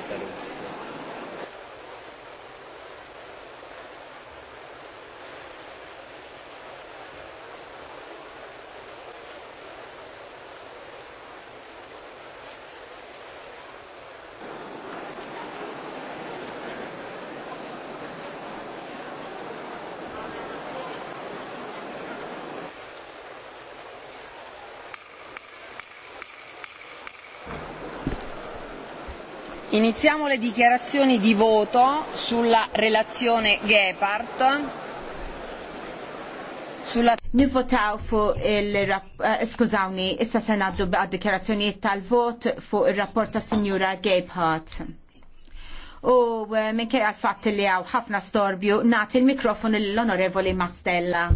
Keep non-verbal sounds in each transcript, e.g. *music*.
tal-Katalunja. Iniziamo le dichiarazioni di voto sulla relazione Gepard. Sulla... Nivvotaw fu il-rapport, eh, issa se ngħaddu għad dikjarazzjonijiet tal-vot fu il rapport ta' Sinjura Gephardt. U eh, minkej għal fat li għaw ħafna storbju, nagħti il-mikrofon l onorevoli Mastella.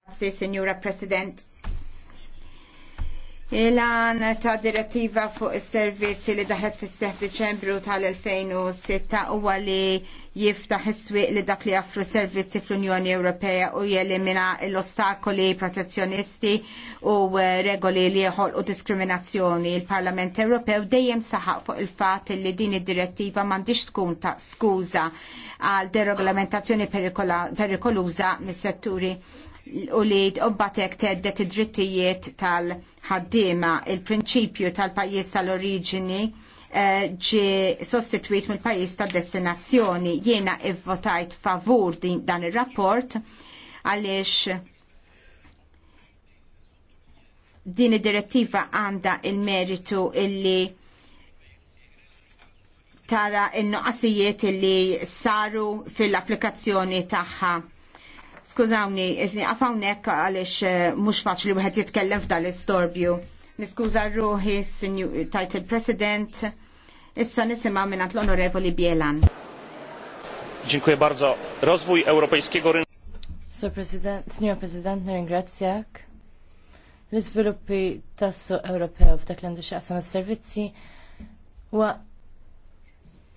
Grazie, Signora President. Il-għan ta' direttiva fuq is-servizzi li daħet fis seħf Deċembru tal-2006 huwa li jiftaħ is-swieq li dak li jaffru servizzi fl-Unjoni Ewropea u jelimina l-ostakoli protezzjonisti u eh, regoli li u diskriminazzjoni. Il-Parlament Ewropew dejjem saħaq fuq il-fatt li din id-direttiva m'għandix tkun ta' skuża għal deregolamentazzjoni perikoluża mis-setturi u li tqobbatek teddet id-drittijiet tal- ħaddiema il-prinċipju tal-pajjiż tal-oriġini eh, ġi sostituit mill pajjiż tad destinazzjoni. Jiena ivvotajt favur din dan ir-rapport għaliex din id-direttiva għanda il-meritu illi tara il noqasijiet illi saru fil-applikazzjoni tagħha Skużawni, iżni għafawnek għalix eh, mux faċli wħed jitkellem f'dal istorbju. Niskuża ruħi, Title President, issa nisimaw minn l-Onorevoli Bielan. Dziękuję bardzo. Rozwój europejskiego rynku. So, President, Signor President, nirringrazzjak. L-iżviluppi tas-suq Ewropew f'dak l-għandu xaqsam is-servizzi Wa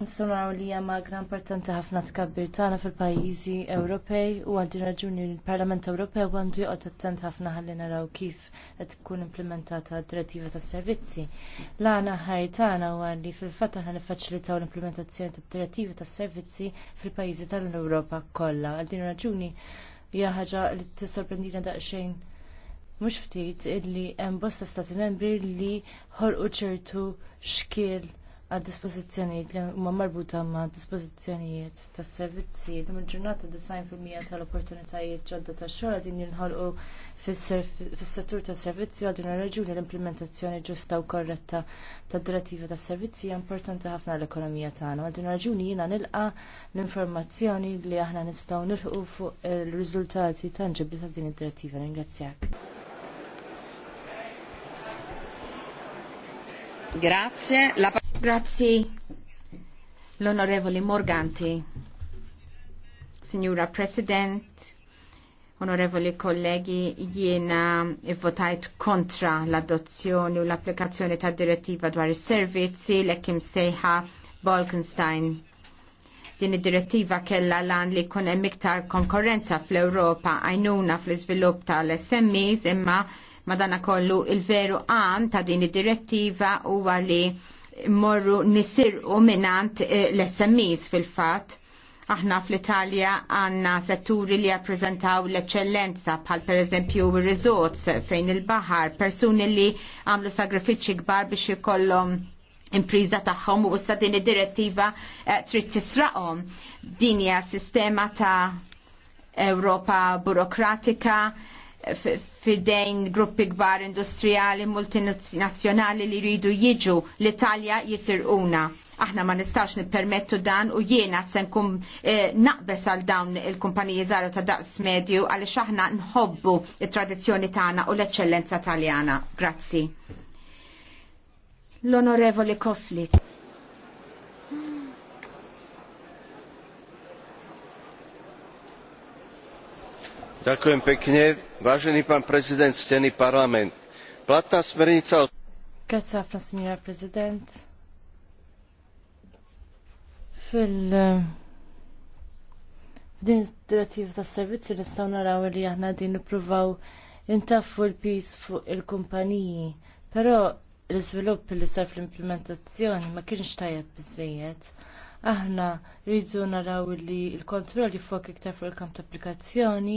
Nsomaw li hija magra importanti ħafna tkabbir tagħna fil-pajjiżi Ewropej u għal din raġuni l-Parlament Ewropew għandu joqgħod attent ħafna ħalli naraw kif qed tkun implementata d-direttiva tas-servizzi. L-għana ħaj tagħna huwa li fil-fatt aħna niffaċilitaw l-implementazzjoni tad-direttiva tas-servizzi fil-pajjiżi tal-Ewropa kollha. Għal din raġuni hija ħaġa li tissorprendina daqsxejn mhux ftit illi hemm bosta stati membri li ħolqu ċertu xkiel għad dispożizzjonijiet li huma marbuta ma' dispożizzjonijiet tas servizzi li il ġurnata design fil-mija tal-opportunitajiet ġodda tax xogħol din jinħolqu fis-settur tas servizzi għal din ir-raġuni l-implementazzjoni ġusta u korretta tad direttiva tas servizzi hija importanti ħafna l-ekonomija tagħna. Għad din raġuni jiena nilqa l-informazzjoni li aħna nistgħu nilħu fuq ir-riżultati tanġibli ta' din id-direttiva. Ringrazzjak. Grazie. La... Grazzi l-Onorevoli Morganti, Signora President, Onorevoli kollegi, jiena votajt kontra l-adozzjoni u l-applikazzjoni ta' direttiva dwar is-servizzi l-ekim sejħa Bolkenstein. Din id-direttiva kella lan li kun hemm iktar konkurrenza fl-Ewropa għajnuna fl-iżvilupp tal-SMEs imma madana kollu il-veru għan ta' din id-direttiva huwa li morru u minant eh, l-SMEs fil-fat. Aħna fl-Italja għanna setturi li jappreżentaw l-eccellenza bħal per eżempju resorts fejn il-bahar, persuni li għamlu sagrifiċi kbar biex jkollhom impriża tagħhom u issa din id-direttiva eh, trid tisraqhom. Din hija sistema ta' Ewropa burokratika fidejn gruppi kbar industrijali multinazzjonali li jridu jiġu l-Italja jisirquna. Aħna ma nistax nippermettu dan u jiena se nkun eh, naqbes għal dawn il-kumpaniji żgħar ta' daqs medju għaliex aħna nħobbu it-tradizzjoni tagħna u l-eċċellenza Taljana. Grazzi. L-Onorevoli Koslik. Ďakujem pekne. Vážený pán prezident, stený parlament. Platná smernica... Grazie, Afra, signora President. Fil... Din direttiva tas servizzi nistgħu naraw li aħna din nippruvaw intafu l-pis fuq il-kumpaniji, però l-iżvilupp li sar fl-implementazzjoni ma kienx tajjeb biżżejjed aħna rridu naraw li l-kontroll jifok iktar fuq il-kamp ta' applikazzjoni,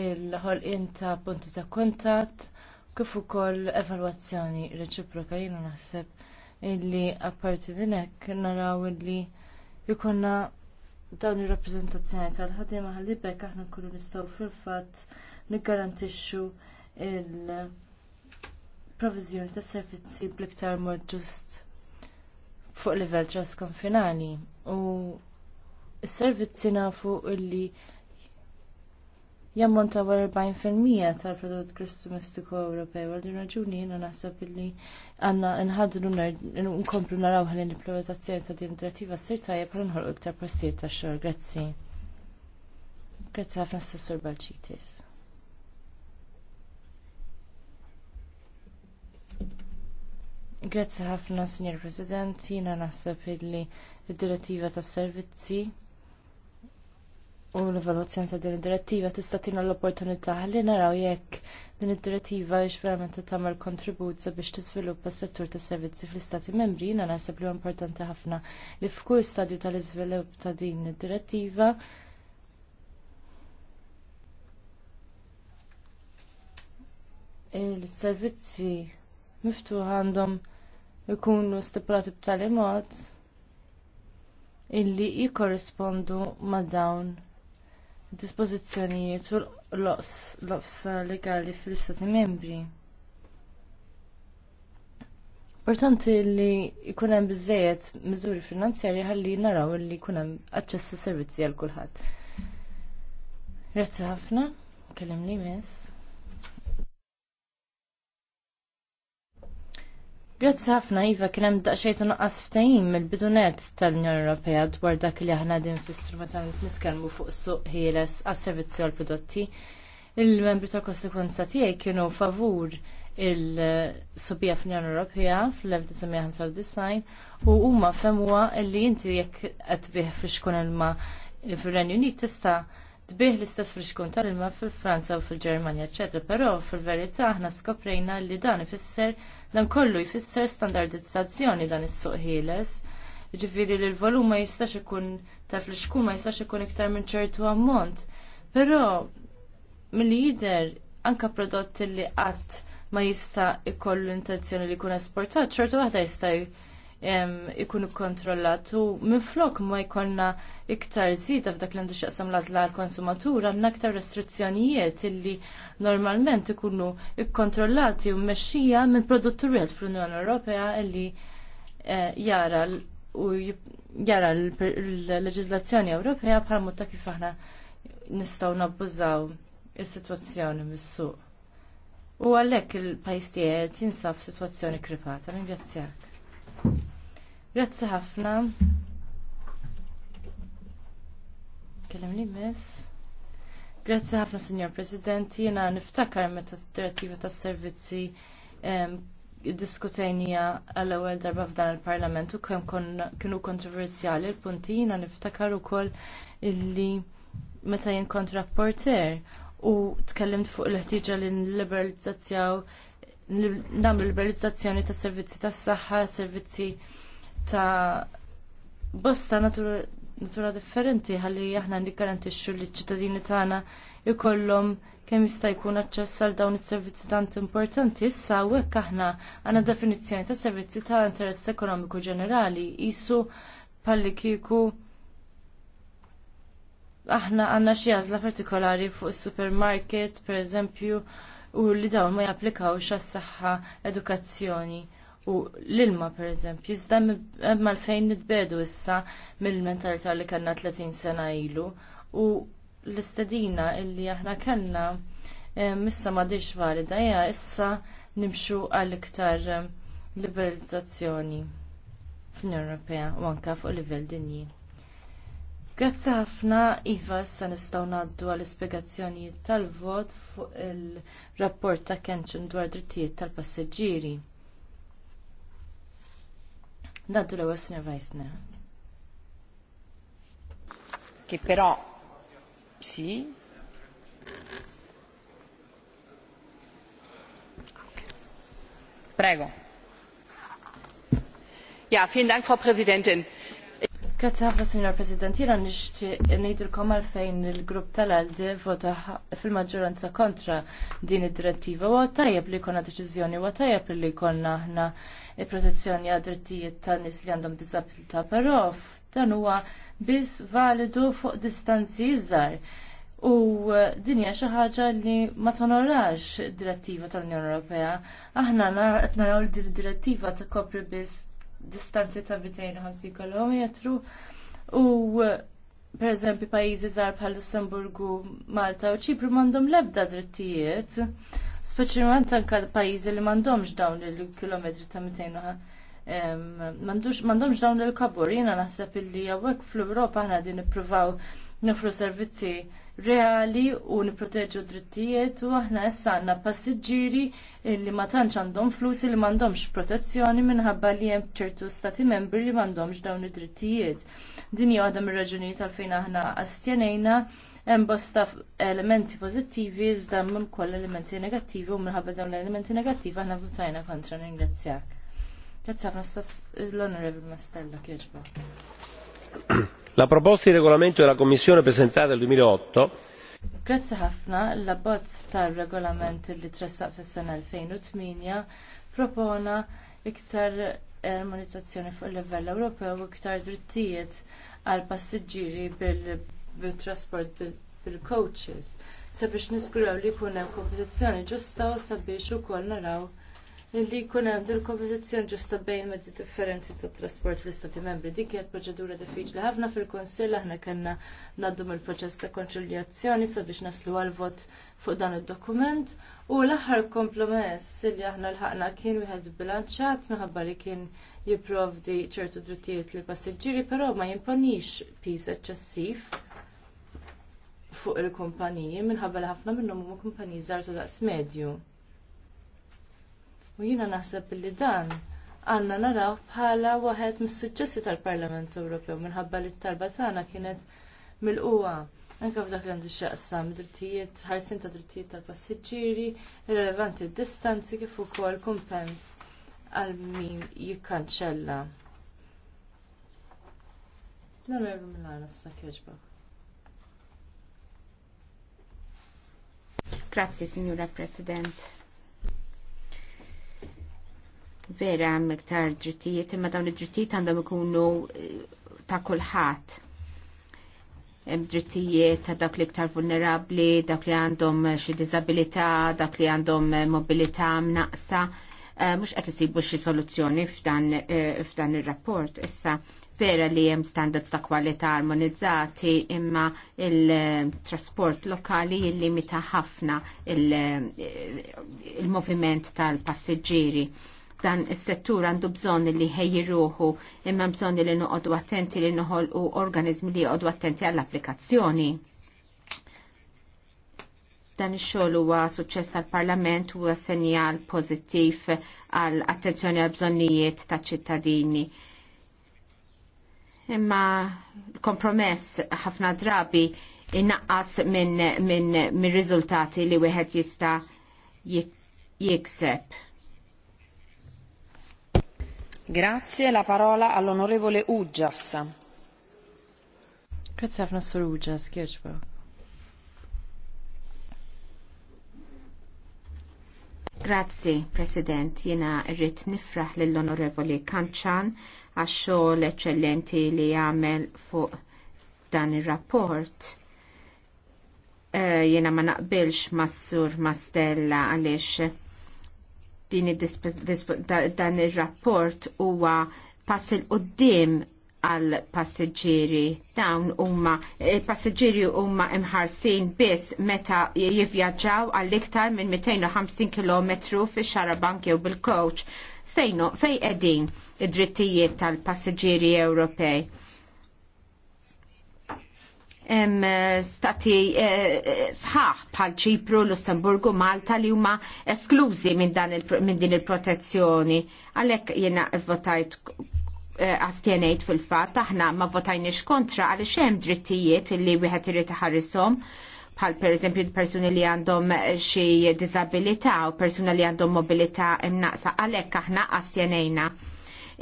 il-ħolqien ta' punti ta' kuntatt, kif ukoll evalwazzjoni reċiproka jiena naħseb illi apparti minn hekk naraw illi jkollna dawn ir-rappreżentazzjoni tal-ħaddiema ħalli aħna nkunu nistgħu fil-fatt niggarantixxu il- provizjoni ta' servizzi bl-iktar mod ġust fuq livell trasconfinali u s-servizzi nafu illi jammonta 40% tal-prodott gross Ewropew. Għal din raġuni jena nasab illi għandna nħadlu nkomplu naraw ħalli l-implementazzjoni ta' din direttiva s tajjeb bħal nħolqu iktar postijiet ta' xogħol. Grazzi. Grazzi ħafna s-sessur Balċitis. Grazzi ħafna, Signor President, jiena nasab illi id-direttiva tas servizzi u l-evoluzzjoni ta' din id-direttiva tista' tina l-opportunità li naraw jekk din id-direttiva biex verament tagħmel kontribut sabiex tiżviluppa s-settur tas servizzi fl-Istati Membri, jiena naħseb li huwa importanti ħafna li f'kull stadju tal-iżvilupp ta' din id-direttiva il-servizzi miftuħ għandhom ikunu stipulati b'tali mod illi jikorrispondu ma' dawn dispożizzjonijiet u l-ofsa legali fl-Istati membri. Importanti li jkun hemm biżżejjed miżuri finanzjarji ħalli naraw li jkun hemm aċċess servizzi għal kulħadd. Grazzi ħafna, kellim li miss. Grazzi ħafna Iva kien hemm daqsxejn nuqqas ftehim mill-bidunet tal-Unjoni Ewropea dwar dak li aħna din fis meta nitkellmu fuq suq ħieles għas-servizzi u l-prodotti. Il-membri tal kostikwenza tiegħi kienu favur il-subija fl-Unjoni Ewropea fl-1995 u huma femwa li inti jekk qed tbih fix-xkun ilma fir-Renju Unit tista' tbih l-istess friskun tal-ilma fil-Franza u fil-Ġermanja, eċċetera, però fil-verità aħna skoprejna li dan ifisser Dan kollu jfisser standardizzazzjoni dan is-suq ħieles. Ġifiri li l-volum ma jistax ikun taf li xkun ma jistax ikun iktar minn ċertu ammont. Però milli jidher anka prodotti li qatt ma jista' ikollu intenzjoni li jkun esportat, ċertu waħda jista' ikunu kontrollat u minflok ma jkollna iktar zida f'dak l-għandu xaqsam lażla għal-konsumatur għandna iktar restrizzjonijiet illi normalment ikunu ikkontrollati u mmexxija minn produtturijiet fl-Unjoni Ewropea illi eh, jara u jara l-leġizlazzjoni Ewropea bħal mutta kif aħna nistgħu nabbużaw is-sitwazzjoni mis-suq. U għalhekk il-pajjiż tiegħek jinsab f'sitwazzjoni kripata. Ringrazzjak. Grazzi ħafna. Kellem li miss. Grazzi ħafna, Signor President. Jena niftakar meta s-direttiva ta' servizzi diskutejnija għall-ewwel darba f'dan il-Parlament u kemm kienu kontroversjali l-punti jena niftakar ukoll illi meta jien kont rapporter u tkellimt fuq l ħtiġa li n nagħmlu liberalizzazzjoni tas servizzi tas-saħħa, servizzi ta' bosta natura, natura differenti ħalli aħna xur li ċittadini tagħna ikollhom kemm jista' jkun aċċess għal dawn is-servizzi tant importanti. Issa hekk aħna għandna definizzjoni ta' servizzi ta' interess ekonomiku ġenerali qisu palli kiku aħna għandna xi għażla partikolari fuq is-supermarket, pereżempju, u li dawn ma japplikawx għas-saħħa edukazzjoni u l-ilma pereżempju, iżda hemm għalfejn nitbedu issa mill-mentalità li kellna 30 sena ilu u l-istedina illi aħna kellna issa m'għadix valida hija issa nimxu għal iktar liberalizzazzjoni fl-Unjoni Ewropea u anke fuq livell dinji. Grazzi ħafna, Iva, issa nistgħu ngħaddu għall ispjegazzjonijiet tal-vot fuq il-rapport ta' Kenċen dwar drittijiet tal-passeġġieri l Vajsna. Che però sì. Prego. Ja, vielen Dank, Frau Präsidentin Grazie ħafna, Signor President. Jena nixtieq ngħidilkom għalfejn il-grupp tal-Alde vota fil-maġġoranza kontra din id-direttiva u tajjeb li jkollna deċiżjoni u tajjeb li jkollna aħna protezzjoni għad drittijiet ta' nies li għandhom diżabilità, però dan huwa biss validu fuq distanzi iżgħar. U uh, din hija xi ħaġa li ma tonorax id direttiva tal-Unjoni Ewropea. Aħna qed naraw li din id-direttiva tkopri biss distanzi ta' 250 km u per eżempju pajjiżi żgħar bħal Lussemburgu, Malta u Ċipru m'għandhom l-ebda drittijiet, speċjalment anke pajjiżi li m'għandhomx dawn il-kilometri ta' 200 ehm, m'għandhomx dawn il-kabur. Jiena naħseb illi hawnhekk fl-Ewropa aħna din ippruvaw nofru servizzi reali u niproteġu drittijiet u aħna issa għandna passiġġieri li ma tantx għandhom flus li m'għandhomx protezzjoni minħabba li hemm ċertu stati membri li m'għandhomx dawn id-drittijiet. Din hija waħda mir-raġunijiet għalfejn aħna astjenejna hemm bosta elementi pożittivi iżda hemm ukoll elementi negattivi u minħabba dawn l-elementi negattivi aħna votajna kontra ringrazzjak. Grazzi ħafna l-Onorevole Mastella kieġba la proposta di regolamento della Commissione presentata nel 2008 Grazzi ħafna, l-abbozz tar-regolament li tressaq fis-sena 2008 propona iktar armonizzazzjoni fuq il-livell Ewropew u iktar drittijiet għal passiġġieri bil-trasport bil-coaches sabiex niskuraw li jkun hemm kompetizzjoni ġusta u sabiex ukoll naraw Illi jkun hemm din kompetizzjoni ġusta bejn mezzi differenti tat trasport fl-Istati Membri. Dik kienet proċedura diffiċli ħafna fil-Kunsill aħna kellna ngħaddu mill-proċess ta' konċiljazzjoni sabiex naslu għal vot fuq dan id-dokument u l-aħħar kompromess illi aħna lħaqna kien wieħed bilanċat minħabba li kien jipprovdi ċertu drittijiet li passiġġieri però ma jimponix piż eċċessiv fuq il-kumpaniji minħabba li ħafna minnhom huma kumpaniji żgħar ta' daqs medju. U jiena naħseb li dan għandna naraw bħala waħed mis-suċċessi tal-Parlament Ewropew minħabba li t-talba tagħna kienet mill-quwa. Anke f'dak li għandu x'jaqsam drittijiet, ħarsin ta' drittijiet tal-passiġġieri, irrelevanti d-distanzi kif ukoll kumpens għal min jikkanċella. L-għarbu mill-għana s Grazie, signora President vera miktar iktar drittijiet, imma dawn id-drittijiet għandhom ikunu eh, ta' kulħadd drittijiet ta' dak li iktar vulnerabbli, dak li għandhom eh, xi diżabilità, dak li għandhom eh, mobilità mnaqsa, mhux qed isibu xi soluzzjoni f'dan ir-rapport issa vera li hemm standards ta' kwalità armonizzati imma il-trasport lokali jillimita ħafna il-moviment tal-passiġġieri dan is-settur għandu bżonn li ħejji imma bżonn li noqogħdu attenti li u organizmi li joqogħdu attenti għall-applikazzjoni. Dan ix-xogħol huwa suċċess għall-Parlament u senjal pożittiv għall attenzjoni għall bżonnijiet taċ-ċittadini. Imma l-kompromess ħafna drabi innaqqas minn min, min riżultati li wieħed jista' jikseb Grazie, la parola all'onorevole Uggias. Grazie ħafna Sur Uggias, Kirchberg. Grazzi, President. Jena rrit nifraħ lill-Onorevoli Kanċan għax xogħol eċċellenti li għamel fuq dan ir-rapport. E, jena ma naqbilx massur Mastella għaliex din dan ir-rapport huwa pass il qoddim għal passiġġieri dawn huma passiġġieri huma imħarsin biss meta jivvjaġġaw għal iktar minn 250 km fix-xarabank jew bil-kowċ fejn qegħdin id-drittijiet tal-passiġġieri Ewropej em, eh, stati eh, eh, sħaħ bħal ċipru, Lussemburgu, Malta li huma esklużi minn min din il-protezzjoni. Għalhekk jiena votajt eh, astjenejt fil-fatt, aħna ma votajniex kontra għaliex hemm drittijiet li wieħed irid iħarrishom bħal per eżempju persuni li għandhom xi disabilità u persuna li għandhom mobilità imnaqsa għalhekk aħna astjenejna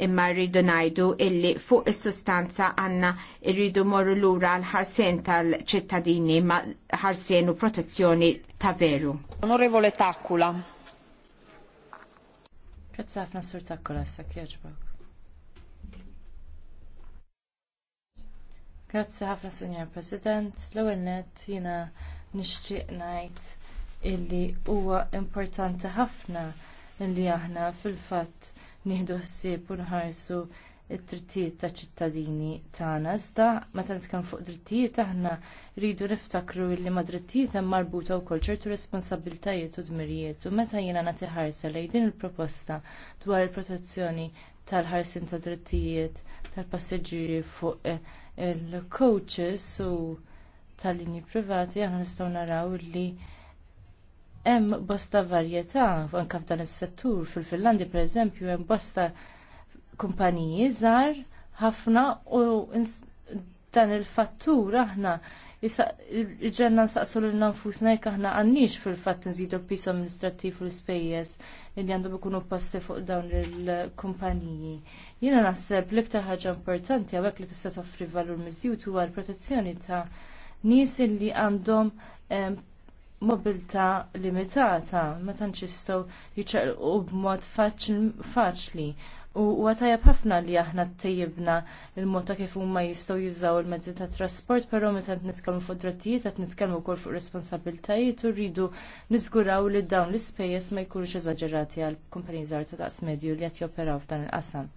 imma rridu ngħidu illi fuq is-sustanza għandna rridu morru lura l-ħarsien tal-ċittadini ma ħarsien u protezzjoni ta' veru. Onorevole Takkula. Prezzafna sur Takkula sak jaġbok. Grazzi ħafna, Signor President. L-ewwel nett jiena nixtieq ngħid illi huwa importanti ħafna illi aħna fil-fatt nieħdu ħsieb u nħarsu t drittijiet ta' ċittadini tagħna. Iżda meta nitkellmu fuq drittijiet aħna rridu niftakru li ma' drittijiet hemm marbuta wkoll ċertu responsabbiltajiet u dmirijiet u meta jiena nagħti ħarsa lejn din il-proposta dwar il-protezzjoni tal-ħarsin ta' drittijiet tal-passiġġieri fuq eh, il-coaches u tal-linji privati aħna nistgħu naraw li hemm bosta varjetà anke f'dan is-settur fil-Finlandja pereżempju hemm bosta kumpaniji żgħar ħafna u dan il-fattur aħna ġenna nsaqsu l nfusna jekk aħna għandniex fil-fatt nżidu l-pis amministrattiv u l-ispejjeż li għandhom ikunu posti fuq dawn il-kumpaniji. Jiena naħseb l-iktar ħaġa importanti hawnhekk li tista' toffri valur miżjud huwa l-protezzjoni ta' nies li għandhom mobilità limitata, ma tantx jistgħu jiċċaqlqu b'mod faċli. U għatajab ħafna li aħna t-tejibna il mota kif huma jistgħu jużaw il-mezzi ta' trasport, però meta qed nitkellmu fuq drittijiet qed nitkellmu wkoll fuq responsabiltajiet u rridu niżguraw li dawn l-ispejjeż ma jkunux eżaġerati għal kumpaniji żgħar ta' daqs medju li qed joperaw f'dan il-qasam.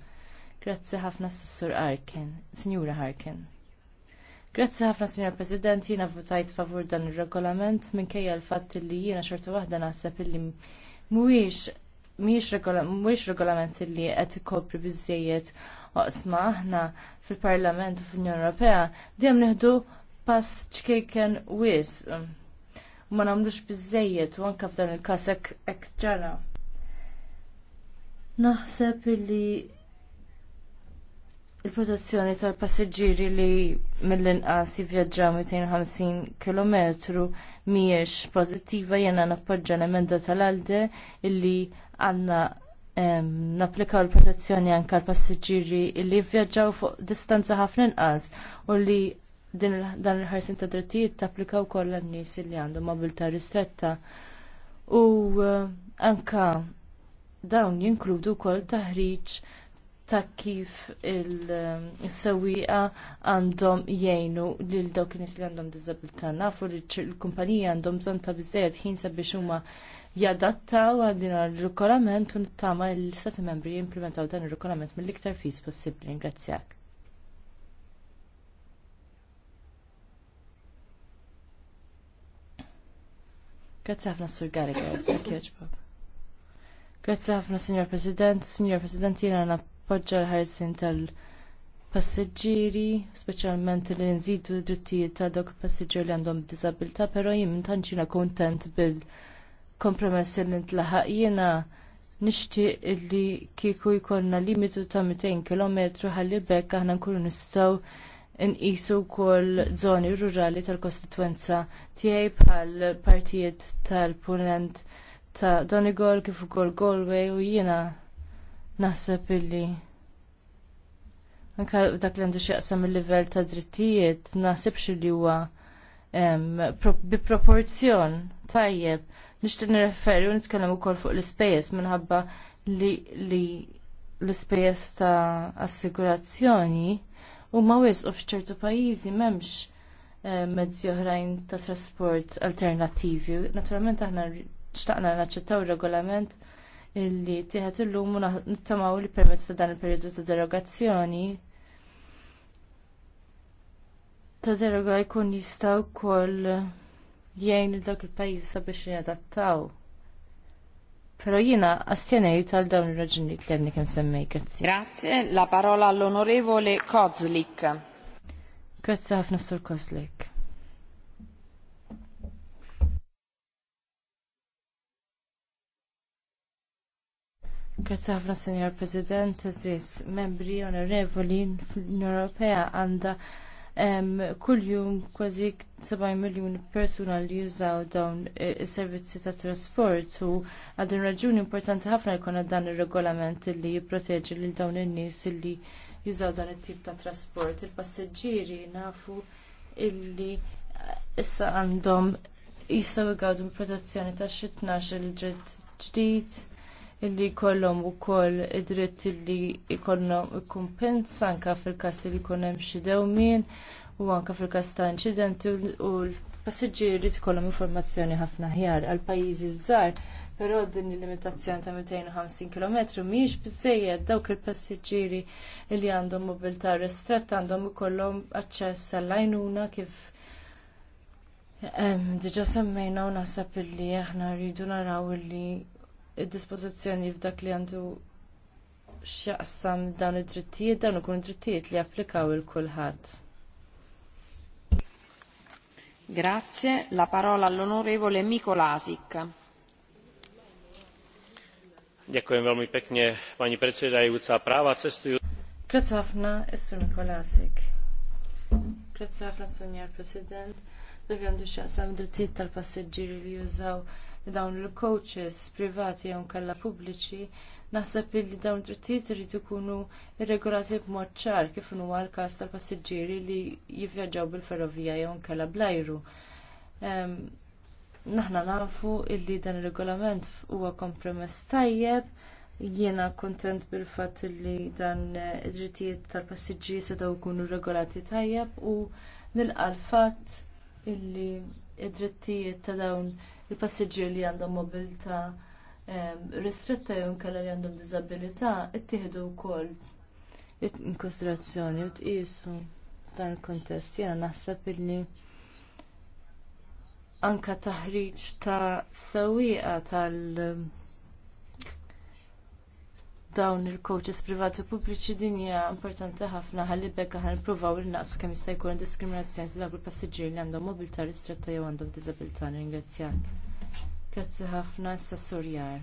Grazzi ħafna s-sur Harkin, Sinjura Harkin. Grazzi ħafna, Signor President, jiena votajt favur dan ir-regolament minkejja l-fatt li jiena xorta waħda naħseb illi mhuwiex mhuwiex regolament li qed ikopri biżejjed oqsma aħna fil-Parlament u fl-Unjoni Ewropea dejjem nieħdu pass ċkejken wis. Ma nagħmlux biżejjed u anke f'dan il-każ hekk ġara. Naħseb illi il-protezzjoni tal-passiġġieri li mill-inqas jivvjaġġaw 250 km mhijiex pożittiva jiena nappoġġa l-emenda tal-alde illi għandna napplikaw il protezzjoni anke għall passiġġieri li jivvjaġġaw fuq distanza ħafna inqas u li dan il-ħarsin ta' drittijiet tapplikaw wkoll n-nies li għandhom mobilità ristretta. U eh, anka dawn jinkludu wkoll taħriġ ta' kif il-sewwieqa għandhom jgħinu lil dawk nies li għandhom diżabilità. Nafu li l-kumpanija għandhom bżonn ta' biżejjed ħin sabiex huma jadattaw għal din ir-regolament u nittama li l istati membri jimplementaw dan ir-regolament mill-iktar fis possibbli. Ingrazzjak. Grazzi ħafna Sur Gallagher, Sir Kirchbob. Grazzi ħafna, Signor President. Signor President, jiena Poġġa l-ħarsin tal-passiġġieri, speċjalment li nżidu drittijiet ta' dawk il-passiġġieri li għandhom disabilità, però jien tantxina kuntent bil-kompromessi li ntlaħaq jiena nixtieq li kieku jkollna limitu ta' 200 km ħalli bekk aħna nkunu nistgħu nqisu wkoll żoni rurali tal-kostitwenza tiegħi bħal partijiet tal-punent ta' Donegal kif ukoll Galway u jiena naħseb illi anka dak li għandu xieqsam il-livell ta' drittijiet naħsibx li huwa bi proporzjon tajjeb nixtieq nirreferi u nitkellem ukoll fuq l-ispejjeż minħabba li l-ispejjeż ta' assigurazzjoni huma u f'ċertu pajjiżi m'hemmx mezzi oħrajn ta' trasport alternattivi. Naturalment aħna xtaqna naċċettaw regolament regolament illi tieħed illum u nittamaw li permezz ta' dan il-perjodu ta' derogazzjoni ta' deroga jkun jista' wkoll jgħin il dak il-pajjiż sabiex jadattaw. Però jiena astjenej tal dawn ir-raġunijiet li għandni kemm semmej, grazzi. Grazie, la parola all'onorevole Kozlik. Grazzi ħafna Sur Kozlik. Grazie ħafna, Signor President, Ziz, membri onorevoli fl-Unjoni Ewropea għandha kuljum kważi 7 miljun persuna li jużaw dawn eh, is-servizzi ta' trasport u għadin raġuni importanti ħafna kona dan ir-regolament li jipproteġi lil dawn in-nies li jużaw dan it-tip ta' trasport. Il-passeġġieri nafu illi eh, issa għandhom jistgħu jgawdu protezzjoni ta' xi xil il-ġdid illi jkollhom ukoll id-dritt illi jkollhom ikkumpens anke fil-każ li jkun hemm xi dewmien u anke fil kas ta' inċidenti u l-passiġġieri tkollhom informazzjoni ħafna ħjar għal pajjiżi żgħar. Però din il-limitazzjoni ta' 250 km mhijiex biżżejjed dawk il-passiġġieri li għandhom mobilità ristretta għandhom ikollhom aċċess għall-għajnuna kif ehm, diġà semmejna u naħseb illi aħna rridu naraw illi id-dispożizzjoni f'dak li għandu x'jaqsam dawn id-drittijiet dawn ukoll id-drittijiet li applikaw il kulħadd. Grazie. La parola all'onorevole Mikolasik. Dziękuję bardzo pięknie pani predsedajúca. Práva cestujú... Grazie ħafna, Issu Mikolasik. Grazie ħafna, Sonjar President. Dak għandu xaqsam drittijiet tal-passeġġieri li jużaw li dawn il-coaches privati jew kalla pubbliċi naħseb li dawn drittijiet irid ikunu irregolati b'mod ċar kif huwa l-każ tal-passiġġieri li jivvjaġġaw bil-ferrovija jew bl blajru. Naħna nafu li dan ir-regolament huwa kompromess tajjeb, jiena kuntent bil-fatt li dan id-drittijiet tal-passiġġieri setgħu jkunu regolati tajjeb u nilqa' l-fatt illi id-drittijiet ta' dawn il-passiġġier li għandhom mobilità ristretta jew inkella li għandhom diżabilità ittieħdu wkoll in-konsiderazzjoni u tqisu f'dan il-kuntest jiena naħseb illi anke taħriġ ta' sewwieqa tal- dawn il-coaches privati u pubbliċi din hija importanti ħafna ħalli bekk aħna nippruvaw innaqsu kemm jista' jkun diskriminazzjoni ta' dawk il-passiġġieri li għandhom mobilità ristretta jew għandhom diżabilità nirringrazzjak. Grazzi ħafna Sassurjar.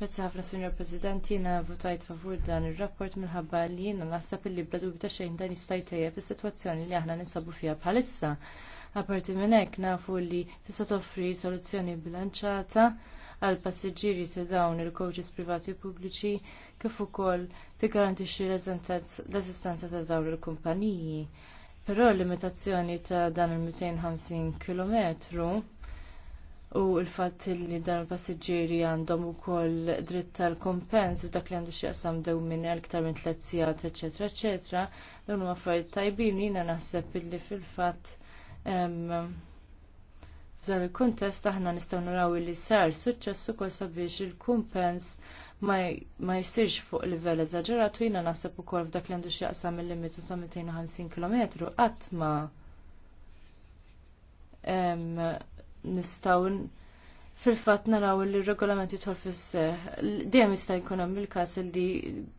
Grazzi ħafna Signor President, jiena votajt favur dan ir-rapport minħabba li jiena naħseb illi bla dubita xejn dan jista' jtejjeb is-sitwazzjoni li aħna ninsabu fiha bħalissa. Aparti minn hekk nafu li tista' toffri soluzzjoni bilanċata għal passiġġieri ta' dawn il kowċis privati u pubbliċi kif ukoll tiggarantixxi l-eżistenza ta' dawn il-kumpaniji. Però l-limitazzjoni ta' dan il-250 km u l-fatt li dan il-passiġġieri għandhom ukoll dritt tal-kompens u dak li għandu qasam dew minn iktar minn tliet sigħat, eċetera, eċetera, dawn huma affarijiet tajbin jiena naħseb illi fil-fatt ehm, F'dan il-kuntest aħna nistgħu naraw li sar suċċess ukoll sabiex il-kumpens ma jsirx fuq livell eżaġerat u jiena naħseb ukoll f'dak li għandu x'jaqsam il-limitu ta' 250 km qatt ma nistgħu fil-fatt naraw li r-regolament jidħol fis-seħ. Dejjem jista' jkun hemm il-każ li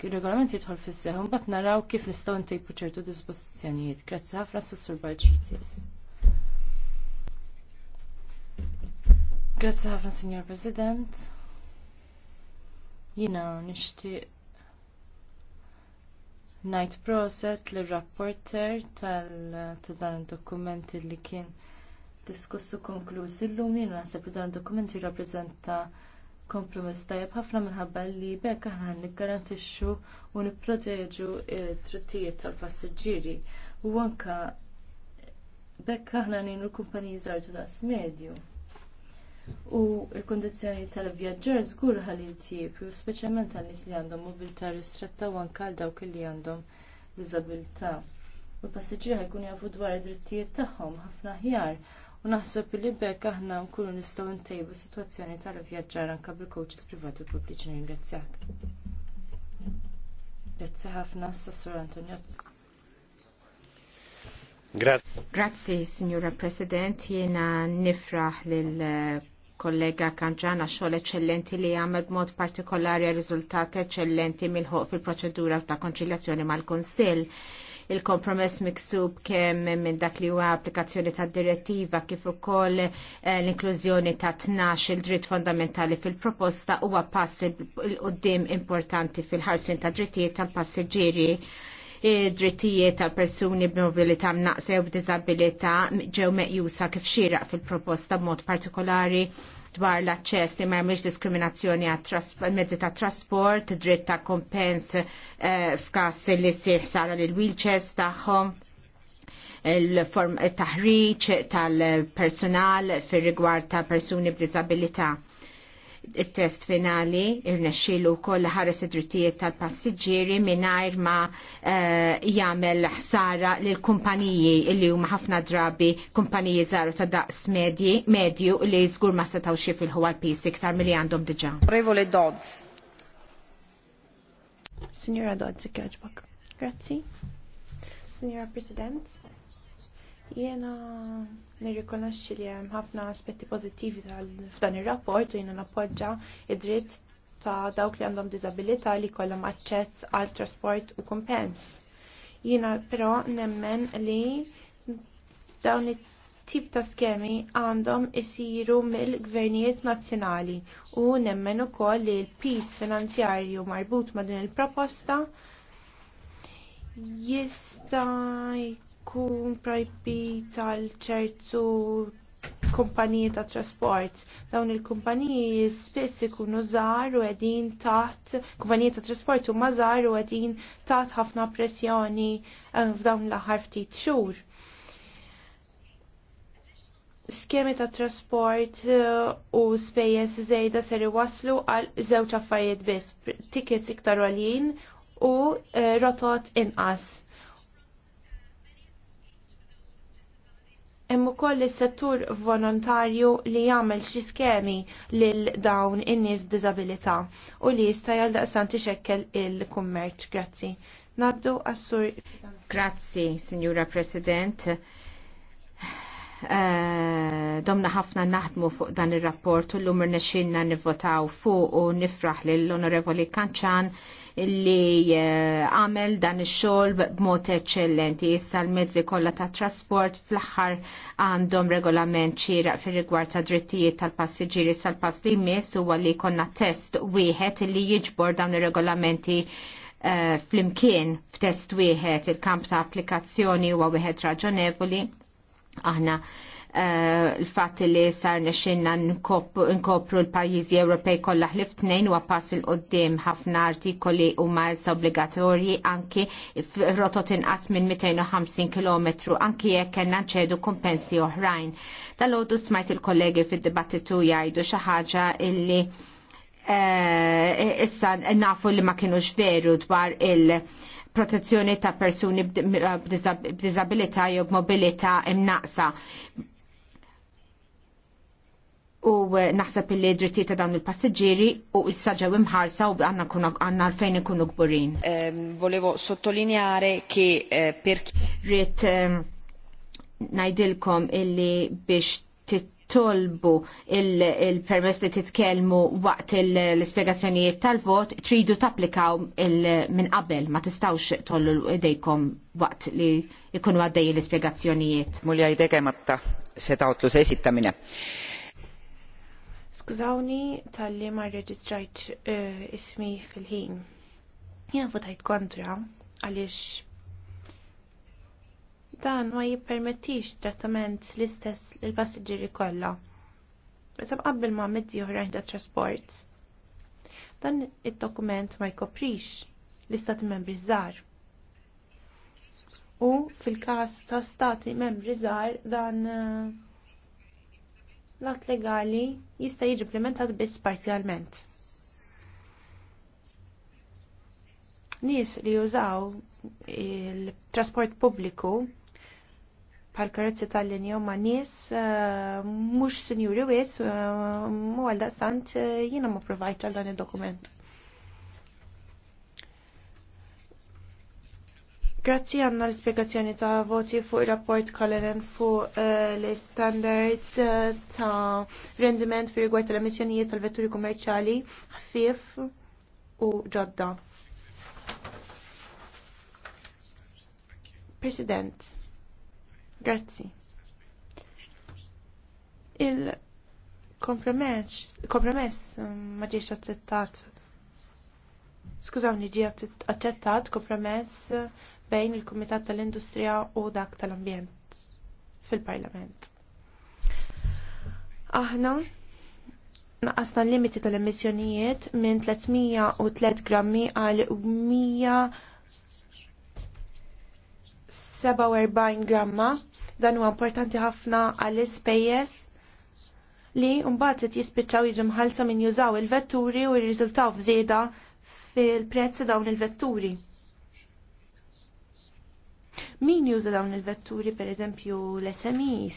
r-regolament jidħol fis-seħ u mbagħad naraw kif nistgħu ntejpu ċertu dispożizzjonijiet. Grazzi ħafna Sassur Barċitis. Grazzi ħafna, Signor President. Jina nixtieq Night proset li rapporter tal-dan dokument dokumenti li kien diskussu konkluż illum jien naħseb li dan id dokument jirrappreżenta kompromess tajjeb ħafna minħabba li bekk aħna niggarantixxu u nipproteġu t-trittijiet tal-passiġġieri u anke bekk aħna ninu l-kumpaniji żgħar daqs medju u l-kondizjoni tal-vjaġġar żgur ħalli tjieb, u speċjalment għal nies li għandhom mobilità ristretta u anke għal dawk li għandhom diżabilità. U l-passiġġieri ħajkunu jafu dwar id-drittijiet tagħhom ħafna aħjar u naħseb li bekk aħna nkunu nistgħu ntejbu sitwazzjoni tal-vjaġġar anke bil-coaches privati u pubbliċi ringrazzjak. Grazzi ħafna, Sassur Antoniozzi. Grazie, Grazie signora President, jena nifraħ lil kollega Kanġana xogħol eċċellenti li għamel b'mod partikolari riżultat eċċellenti milħuq fil-proċedura ta' konċiljazzjoni mal-Kunsill. Il-kompromess miksub kemm minn dak li huwa applikazzjoni ta' direttiva kif ukoll eh, l-inklużjoni ta' tnax il-dritt fondamentali fil-proposta huwa pass il-qudiem importanti fil-ħarsin ta' drittijiet tal-passiġġieri drittijiet tal-persuni b'mobilità mnaqsa u b'diżabilità ġew meqjusa kif xieraq fil-proposta b'mod partikolari dwar l-aċċess li jemmiġ diskriminazzjoni għat mezzi ta' trasport, dritt ta' kompens eh, f'każ li sara ħsara l wheelchairs tagħhom il-form taħriġ tal-personal fir rigward ta' persuni b'disabilità il-test finali irnexxilu wkoll ħares id-drittijiet tal-passiġġieri mingħajr ma uh, jagħmel ħsara lil kumpaniji li huma ħafna drabi kumpaniji żaru ta' daqs medji medju li żgur ma setgħu xi fil-ħwa l pisi iktar milli għandhom diġà. Revole Dodds. Signora Dodds, ikkaġbak. Grazzi. Signora President, jena Nirrikonoxxi li hemm ħafna aspetti pożittivi f'dan ir-rapport u jiena nappoġġa id-dritt ta' dawk li għandhom diżabilità li jkollhom aċċess għal trasport u kumpens. Jiena però nemmen li dawn it-tip ta' skemi għandhom isiru mill-gvernijiet nazzjonali u nemmen ukoll li l-pis finanzjarju marbut ma' din il-proposta jista' tkun prajbi tal-ċertu kumpaniji ta' trasport. Dawn il-kumpaniji spiss ikunu żgħar u qegħdin taħt kumpaniji ta' trasport huma żgħar u qegħdin taħt ħafna pressjoni eh, f'dawn l-aħħar ftit xhur. Skemi ta' trasport eh, u spejjeż żejda ser iwasslu għal żewġ affarijiet biss, tickets iktar għalin u eh, rotot inqas Hemm ukoll is-settur volontarju li jagħmel xi skemi lil dawn in-nies b'diżabilità u li jista' jaldaqstan tixekkel il-kummerċ. Grazzi. Naddu għas-sur. Grazzi, Sinjura President. Eh, domna ħafna naħdmu fuq dan ir rapport u l lumr nixinna nivvotaw fuq u nifraħ lill onorevoli Kanċan li eh, għamel dan ix-xogħol b'mod eċċellenti. Issa l-mezzi kollha ta' trasport fl-aħħar għandhom regolament xieraq fir-rigward ta' drittijiet tal-passiġġieri sal-pass li jmiss huwa li konna test wieħed li jiġbor dawn ir-regolamenti uh, flimkien f'test wieħed il-kamp ta' applikazzjoni huwa wieħed raġonevoli aħna Eh, l-fatt li sar nexxinna nkopru l-pajjiżi Ewropej kollha ħlif tnejn huwa pass il qoddim ħafna artikoli huma issa obbligatorji anki f'rotot inqas minn 250 km anki jekk kellna nċedu kumpensi oħrajn. Dal-għodu smajt il-kollegi fid-dibattitu jgħidu xi ħaġa illi eh, issa nafu li ma kienux veru dwar il- protezzjoni ta' persuni b'disabilità jew b'mobilità imnaqsa u eh, naħseb li drittijiet ta' dawn il-passiġġieri u issa ġew imħarsa u għandna għandna għalfejn ikunu gburin. Ehm, volevo sottolineare che eh, per rrit ehm, ngħidilkom illi biex titolbu il-permess li titkellmu waqt l-ispjegazzjonijiet tal-vot tridu tapplikaw minn qabel ma tistawx tollu idejkom waqt li jkunu għaddej l-ispjegazzjonijiet. Mulja jdegħematta se taħtlu se esitta minne. Skużawni tal-li ma reġistrajt uh, eh, ismi fil-ħin. Jena votajt kontra għaliex dan ma jippermettix trattament l-istess l passagġeri kollha. Meta qabbel ma' mezzi oħrajn ta' trasport, dan id-dokument ma jkoprix l-istati membri żgħar. U fil-każ ta' stati membri żgħar dan uh, l-att legali jista' jiġi implementat biss parzjalment. Nies li jużaw il-trasport pubbliku bħal karozzi tal-linja huma nies eh, mhux sinjuri wis eh, u għal daqstant eh, jiena ma provajt għal dan id-dokument. Grazzi għanna l-spiegazzjoni ta' voti fuq il-rapport Kalenen fuq uh, l-standards uh, ta' rendiment fi rigward tal-emissjonijiet tal-vetturi kummerċali ħfif u ġodda. President, grazzi. Il-kompromess mm, ma ġiex attettat. Skużawni ġie attettat kompromess bejn il-Kumitat tal-Industrija u dak tal-Ambjent fil-Parlament. Aħna naqasna l-limiti tal-emissjonijiet minn 303 grammi għal 147 gramma. Dan huwa importanti ħafna għall ispejjeż li mbagħad qed jispiċċaw jiġu mħallsa min jużaw il-vetturi u jirriżultaw f'żieda fil-prezz dawn il-vetturi. Min juża dawn il-vetturi per eżempju l-SMEs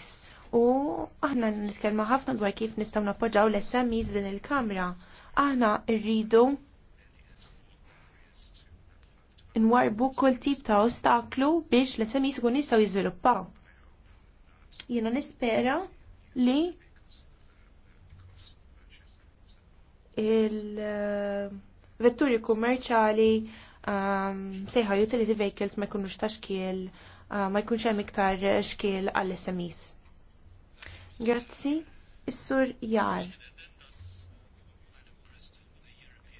u aħna nitkellmu ħafna dwar kif nistgħu nappoġġaw l-SMEs din il-kamra. Aħna rridu nwarbu kull tip ta' ostaklu biex l-SMEs ikun jistgħu jiżviluppaw. Jiena nispera li il-vetturi kummerċali Um, sejħa utility vehicles ma jkunux ta' xkiel uh, ma jkunx hemm iktar xkiel għall smis Grazzi, is-sur Jar.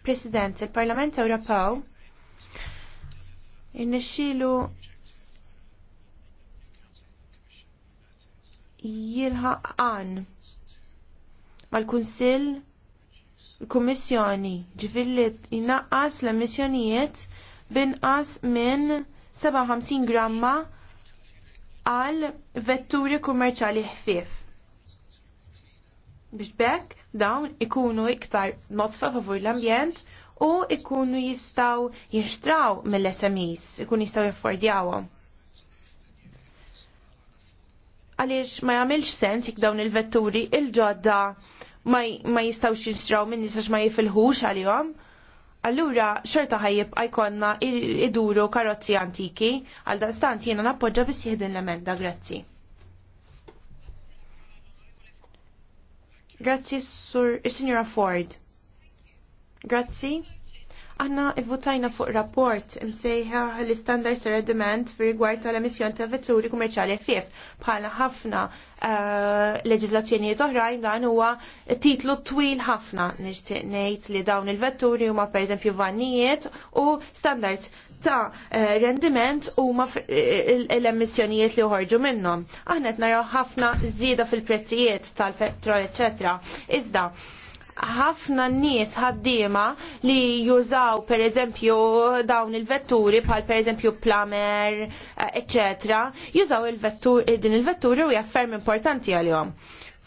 President, il-Parlament Ewropew innexxielu jilħaq għan mal-Kunsill il-Kummissjoni ġifir li jnaqqas l-emissjonijiet binqas minn 57 gramma għal vetturi kummerċali ħfief. Biex bekk dawn ikunu iktar notfa favur l-ambjent u ikunu jistaw jinxtraw mill-SMEs, ikunu jistaw jaffordjawhom. Għaliex ma jagħmilx sens jekk dawn il-vetturi il-ġodda ma jistawx jinxtraw minn nisax ma jifilħux għalihom allura xorta ħajib għajkonna iduru karozzi antiki, għal stant jiena nappoġġa biss jihdin l-emenda, grazzi. Grazzi, sur, il-Signora Ford. Grazzi. Aħna votajna fuq rapport msejħa l-Standards Rediment fi rigward tal-emissjon ta' vetturi kummerċali FIF bħala ħafna eh, leġizlazzjonijiet oħrajn dan huwa titlu twil ħafna nixtieq ngħid li dawn il-vetturi huma pereżempju vannijiet u standards ta' eh, rendiment huma eh, l-emissjonijiet li uħorġu minnhom. Aħna qed naraw ħafna żieda fil-prezzijiet tal-petrol, eċetra, Iżda, ħafna n nies ħaddiema li jużaw per eżempju dawn il-vetturi bħal per eżempju plamer, eccetera, eh, jużaw il-vetturi din il-vetturi u jaffermi importanti għalihom.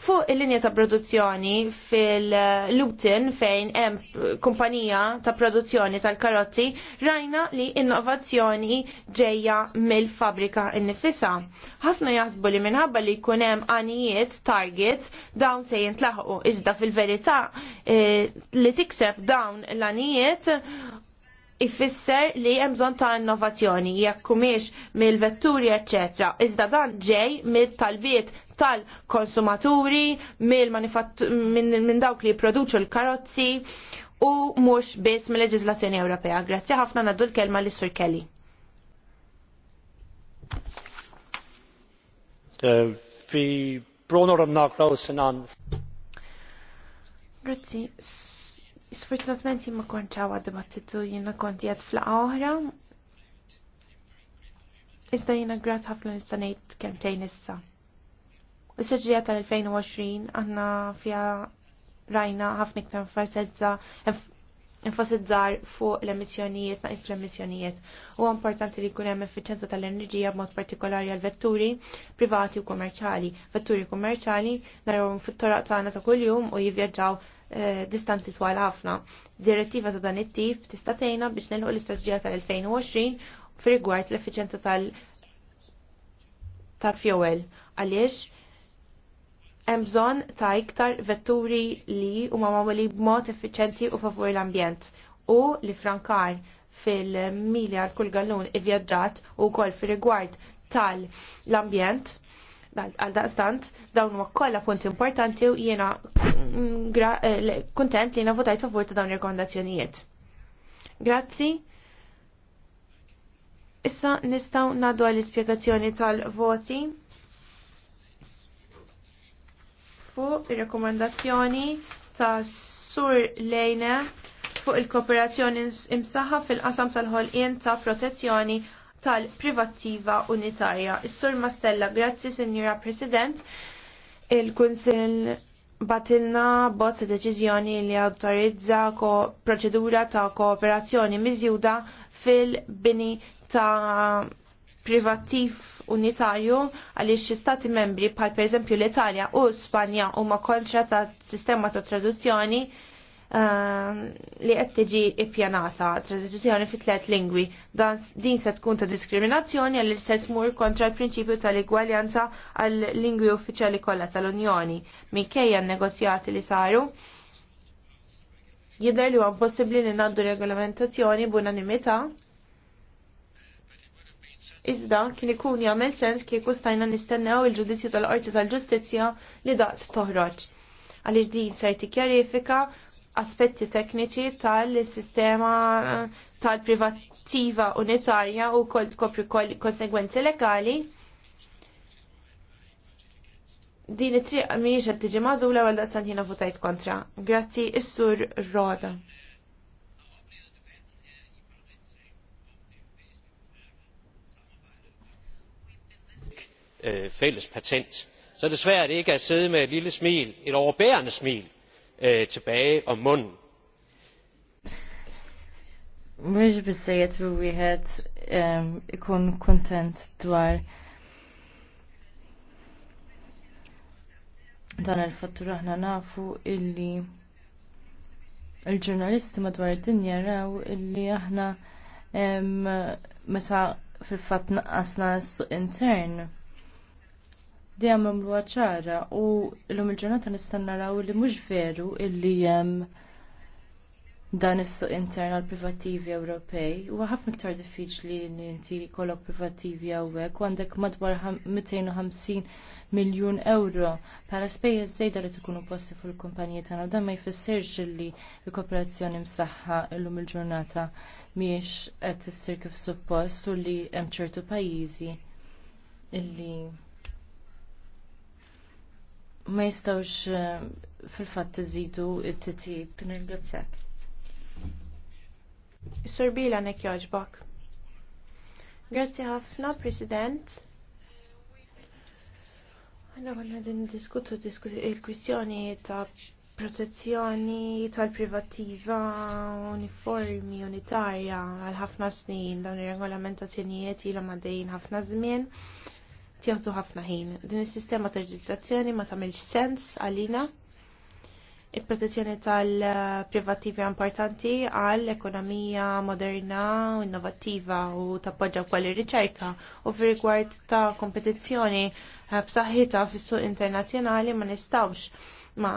Fuq il-linja ta' produzzjoni fil-Lutin fejn hemm kumpanija ta' produzzjoni tal-karotti rajna li innovazzjoni ġejja mill-fabrika innifisa. Ħafna jasbu li minħabba li jkun hemm għanijiet target dawn se jintlaħqu iżda fil-verità eh, li tikseb dawn l-għanijiet ifisser li hemm bżonn ta' innovazzjoni jekk mill-vetturi eċetera. Iżda dan ġej mit-talbiet tal-konsumaturi minn dawk li jipproduċu l-karozzi u mhux biss mill leġizlazzjoni Ewropea. Grazzi ħafna naddu l-kelma li sur Kelly. Eh, fi pronorum nakraw sinan. Grazzi. Sfortunatament jimma konċaw għad dibattitu jiena konti għad flaqa oħra. Iżda jiena grat ħafna nista' ngħid kemmtejn issa. Is-sirġija tal-2020 aħna fija rajna ħafna iktar enfasizzar fuq l-emissjonijiet, naqis l-emissjonijiet. U importanti li jkun hemm effiċenza tal-enerġija b'mod partikolari għal vetturi privati u kummerċali. Vetturi kummerċali narawhom fit-toraq tagħna ta' kuljum u jivvjaġġaw eh, distanzi twal ħafna. Direttiva ta' dan it-tip tista' tgħinna biex nelħu l-istraġġija tal-2020 fir l-effiċenza tal- tal-fuel. Għaliex hemm bżonn ta' iktar vetturi li huma magħmuli b'mod effiċjenti u favur l-ambjent u li frankar fil-milja għal kull gallun ivvjaġġat u wkoll fir-rigward tal-ambjent għal daqstant dawn huwa kollha punti importanti u jiena mm, eh, kuntent li jiena votajt favur ta' dawn ir-rekomendazzjonijiet. Grazzi. Issa nistgħu ngħaddu għall-ispjegazzjoni tal-voti. fuq ir-rekomandazzjoni ta' Sur Lejne fuq il-kooperazzjoni imsaħħa fil-qasam tal-ħolqien ta' protezzjoni tal-privattiva unitarja. Is-Sur Mastella, grazzi Sinjura President, il-Kunsil batilna bozz deċiżjoni li autorizza proċedura ta' kooperazzjoni miżjuda fil-bini ta' privattiv unitarju għaliex xi stati membri bħal pereżempju l-Italja u Spanja huma kontra ta' sistema ta' traduzzjoni uh, li qed tiġi ippjanata traduzzjoni fi tliet lingwi. Dan din se tkun ta' diskriminazzjoni għaliex se tmur kontra l-prinċipju tal-igwaljanza għal lingwi uffiċjali kollha tal-Unjoni minkejja n-negozjati li saru jidher li huwa possibbli li ngħaddu regolamentazzjoni b'unanimità iżda kien ikun jagħmel sens kieku stajna nistennew il-ġudizzju tal-qorti tal-ġustizzja li daqt toħroġ. Għaliex din se tikkjarifika aspetti tekniċi tal-sistema tal-privattiva unitarja u kol tkopri konsegwenzi legali. Din it-triq miex qed tiġi mażula għal daqstant jiena votajt kontra. Grazzi is-sur Roda. Øh, fælles patent så er det svært ikke at sidde med et lille smil et overbærende smil øh, tilbage om munden mhux biżejjed li wieħed ehm, ikun kuntent dwar dan il-fattur aħna nafu illi il-ġurnalisti madwar id-dinja raw illi aħna ehm, meta fil-fatt naqqasna suq intern dejjem għamluha ċara u llum il-ġurnata nista' naraw li mhux veru illi hemm dan is-suq intern għal privattivi Ewropej. Huwa ħafna iktar diffiċli li inti jkollok privattivi hawnhekk u għandek madwar 250 miljun euro bħala spejjeż żejda li tkunu posti fuq il kumpaniji tagħna u dan ma jfissirx li l-kooperazzjoni msaħħa llum il-ġurnata mhijiex qed issir kif suppost u li hemm ċertu pajjiżi illi ma jistawx eh, fil-fatt t-zidu t Nirgrazzjak. Is-Sur Sorbila nek joġbok. Grazzi ħafna, President. Għanna għanna din diskutu il-kwistjoni ta' protezzjoni tal privativa uniformi unitarja għal ħafna snin dawn ir-regolamentazzjonijiet ilhom għaddejjin ħafna żmien tieħdu ħafna ħin. Din is-sistema ta' ġudizzazzjoni ma tagħmilx sens għalina. Il-protezzjoni tal-privattivi importanti għal ekonomija moderna u innovattiva u tappoġġa wkoll ir-riċerka u fir-rigward ta' kompetizzjoni eh, b'saħħitha fis-suq internazzjonali ma nistawx ma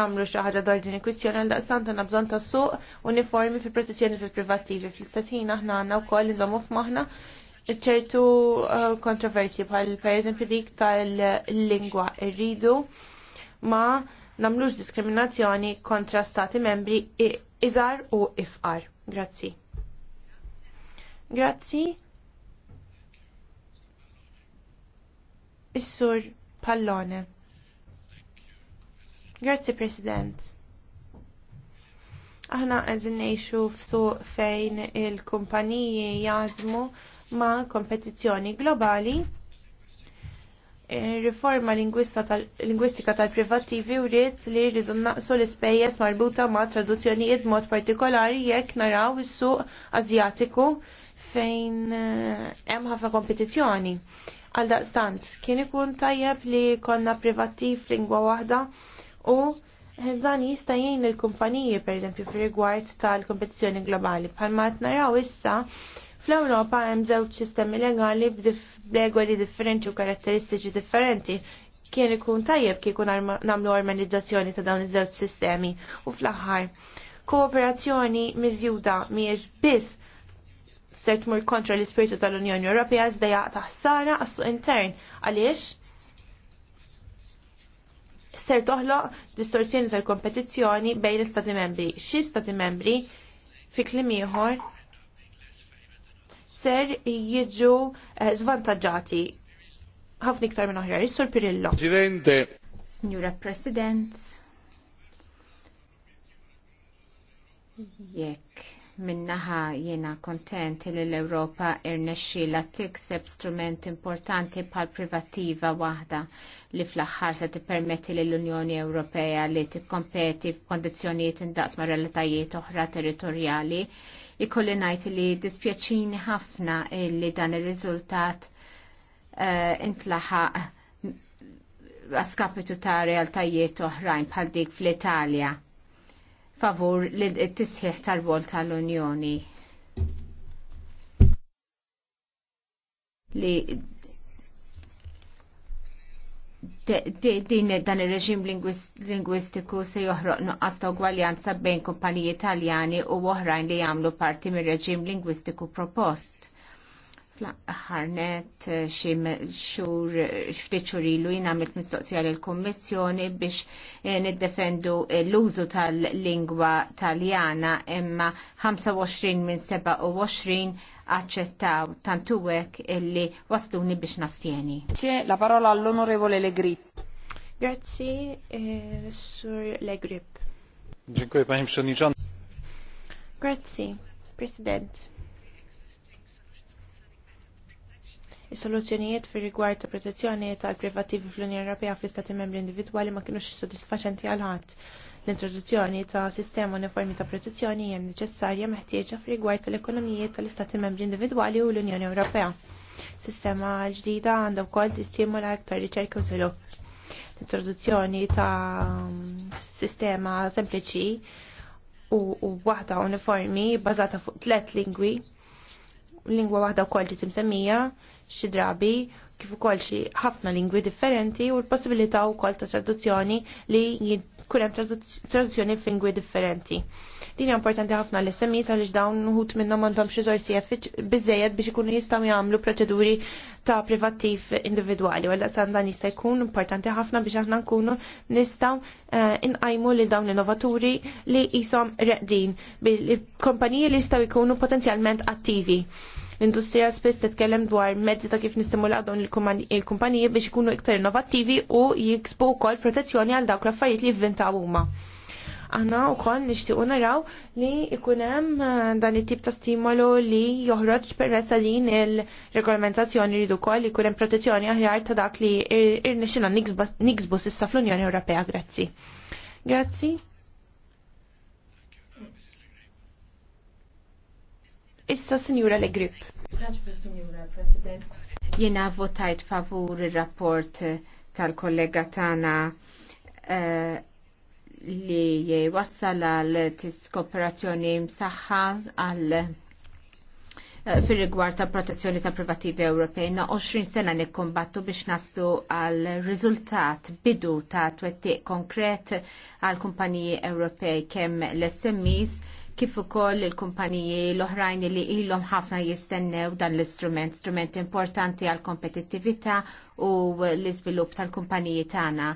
namlu xi ħaġa dwar din il-kwistjoni għal daqstant għandna bżonn tas-suq uniformi fil-protezzjoni fil-privattivi. Fl-istess ħin aħna għandna wkoll iżommu f'maħna ċertu uh, kontroversi bħal per eżempju dik tal-lingwa irridu ma namlux diskriminazzjoni kontra stati membri iżar u ifqar. Grazzi. Grazzi. Is-sur Pallone. Grazzi President. Aħna għedin nejxu f'suq fejn il-kumpaniji jazmu ma' kompetizzjoni globali e, riforma lingwistika tal-privattivi u rrit li rridu naqsu l-ispejjeż marbuta ma' traduzzjonijiet mod partikolari jekk naraw is-suq Azjatiku fejn e, hemm ħafna kompetizzjoni. Għal daqstant, kien ikun tajjeb li konna privattiv lingwa waħda u dan jista' jgħin il-kumpaniji pereżempju fir-rigward tal-kompetizzjoni globali. Bħalma qed naraw issa Fl-Ewropa hemm żewġ sistemi legali b'regoli differenti u karatteristiċi differenti. Kien ikun tajjeb ikun nagħmlu armonizzazzjoni ta' dawn iż-żewġ sistemi u fl-aħħar. Kooperazzjoni miżjuda mhijiex biss ser tmur kontra l-ispirtu tal-Unjoni Ewropea żdejja ħsara għas-suq intern. Għaliex? Ser toħloq distorsjoni tal-kompetizzjoni bejn l-Stati membri. Xi Stati membri fi kliem ieħor ser jiġu eh, zvantagġati ħafna iktar minn oħra. Is-Sur Pirillo. Presidente. Signora President. Jekk minnaħa jiena kontent li l-Ewropa la tikseb strument importanti pal privattiva waħda li fl-aħħar se tippermetti lill unjoni Ewropea li tikkompeti f'kondizzjonijiet indaqs ma' relatajiet oħra territorjali Ikolli najt li dispjaċini ħafna li dan ir-riżultat uh, intlaħaq għaskapitu ta' realtajiet oħrajn bħal dik fl-Italja favur t tisħiħ tal-vol tal-Unjoni li din dan ir-reġim lingwistiku se joħroq nuqqas ta' ugwaljanza bejn kumpaniji Taljani u oħrajn li jagħmlu parti mir-reġim lingwistiku propost. Ħarnet eh, xi xhur ftit xhur ilu jien għamilt mistoqsija lill-Kummissjoni biex eh, niddefendu eh, l-użu tal-lingwa Taljana imma 25 minn 27 aċċettaw tantuwek illi wasluni biex nastjeni. La parola all'onorevole Le Grip. Grazie, eh, sur Le Grip. Dziękuję panie przewodniczący. Grazie, president. Is-soluzzjonijiet fir rigward ta' protezzjoni tal privativi fl-Unjoni Ewropea fl-Istati membri individwali ma kienux sodisfaċenti għal ħadd L-introduzzjoni ta' sistema uniformi ta' protezzjoni hija neċessarja meħtieġa f'rigward tal-ekonomijiet tal-Istati membri individwali u l-Unjoni Ewropea. Sistema ġdida għandha wkoll tistimula aktar riċerka u żvilupp. L-introduzzjoni ta' sistema sempliċi u, waħda uniformi bbażata fuq tliet lingwi lingwa waħda wkoll ġiet imsemmija xi drabi kif ukoll xi ħafna lingwi differenti u l-possibilità wkoll ta' traduzzjoni li kunem traduzzjoni f'lingwi differenti. Din hija importanti ħafna l smi għaliex dawn uħut minnhom m'għandhomx riżorsi biżejjed biex ikunu jistgħu jagħmlu proċeduri ta' privattiv individwali. Wella san dan jista' jkun importanti ħafna biex aħna nkunu nistgħu eh, inqajmu lil dawn l-innovaturi li qishom reqdin bil-kompaniji li jistgħu jkunu potenzjalment attivi. L-industrija spess titkellem dwar mezzi ta' kif nistimulaw dawn il-kumpaniji biex ikunu iktar innovattivi u jiksbu wkoll protezzjoni għal dawk l-affarijiet li jivvintaw huma aħna u koll naraw li ikunem eh, dan it-tip ta' stimolu li joħroġ permessa din il-regolamentazzjoni li dukoll li kunem protezzjoni aħjar ta' dak li ir-nixina niksbu sissa fl-Unjoni Ewropea. Grazzi. Grazzi. Issa Sinjura Le Grip. Jiena votajt favur ir-rapport tal-kollega Tana li eh, li wassal għal tis-kooperazzjoni msaħħa għal Eh, fir rigward ta' protezzjoni ta' privativi Ewropej na 20 sena nikkombattu biex naslu għal riżultat bidu ta' twettiq konkret għal kumpaniji Ewropej kemm l-SMEs kif ukoll il-kumpaniji l-oħrajn li ilhom ħafna jistennew dan l-istrument, strument importanti għal kompetittività u l-iżvilupp tal-kumpaniji tagħna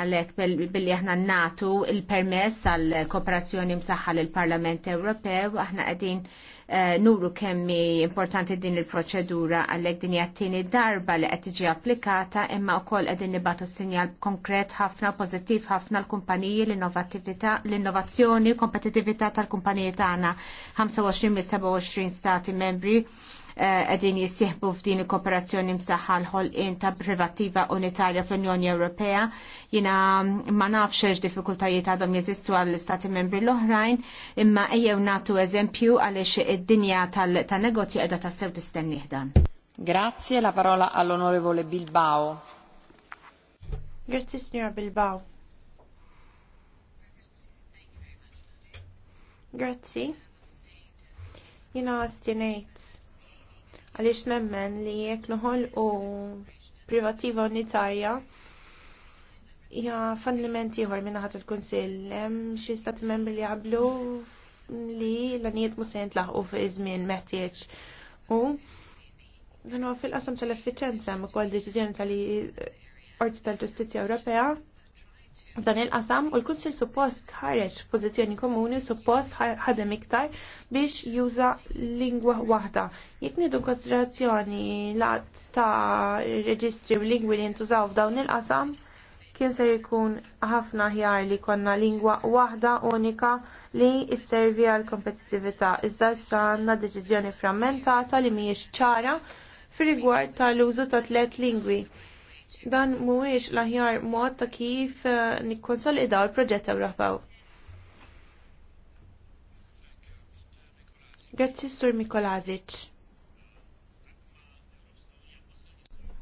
għalek billi aħna natu il-permess għal kooperazzjoni msaħħa l-Parlament Ewropew, aħna għedin Eh, nuru kemmi importanti din il-proċedura għalhekk din jattini darba li qed tiġi applikata imma wkoll qegħdin nibatu sinjal konkret ħafna pożittiv ħafna l-kumpaniji l l-innovazzjoni l kompetitività tal-kumpaniji tagħna 25 27 stati membri qegħdin jissieħbu f'din il-kooperazzjoni msaħħa l-ħolqien ta' privattiva unitarja fl-Unjoni Ewropea. Jina ma nafx xeġ diffikultajiet għadhom jeżistu għall-istati membri l-oħrajn, imma ejjew nagħtu eżempju għaliex id-dinja tan-negozju qiegħda tassew tistennih dan. Grazie, la parola all'onorevole Bilbao. Grazie signora Bilbao. Grazzi. Jina għastinejt għaliex nemmen li jekk noħol u privativa unitarja hija fallimenti ieħor minn ħadd il-Kunsill. Hemm xi stati membri li għablu li l-għanijiet mhux se jintlaħqu fi żmien meħtieġ. U dan fil-qasam tal-effiċenza hemm ukoll deċiżjoni tal-Qorti tal-Ġustizzja Ewropea f'dan il-qasam u l-Kunsil suppost ħareġ pozizjoni komuni suppost ħadem iktar biex juża lingwa waħda. Jekk nidu konsiderazzjoni l ta' reġistri u lingwi li jintużaw f'dawn il-qasam, kien ser jkun ħafna ħjar li konna lingwa waħda unika li jisservi għal kompetitività. Iżda issa għandna deċiżjoni frammentata li mhijiex ċara fir rigward tal-użu ta' tliet lingwi Dan mhuwiex laħjar aħjar mod ta' kif eh, nikkonsolidaw il-proġett Ewropew. Grazzi Sur Mikolazic.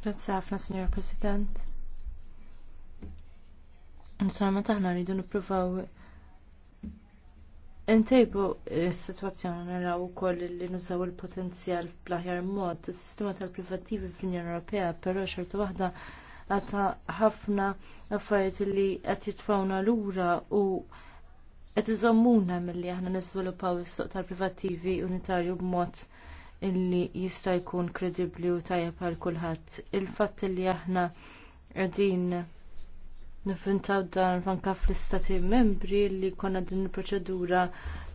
Grazzi ħafna, Signor President. Insomma, taħna rridu nippruvaw Intejbu s-situazzjoni naraw ukoll li nużaw il-potenzjal bl-aħjar mod, is-sistema tal-privattivi fl-Unjoni Ewropea, però xorta waħda għata ħafna affarijiet li qed jitfawna lura u qed iżommuna milli aħna niżviluppaw is-suq tal-privattivi unitarju b'mod illi jista' jkun kredibbli u tajjeb għal kulħadd. Il-fatt li aħna qegħdin Nifintaw dan fanka fl-istati membri li konna din il-proċedura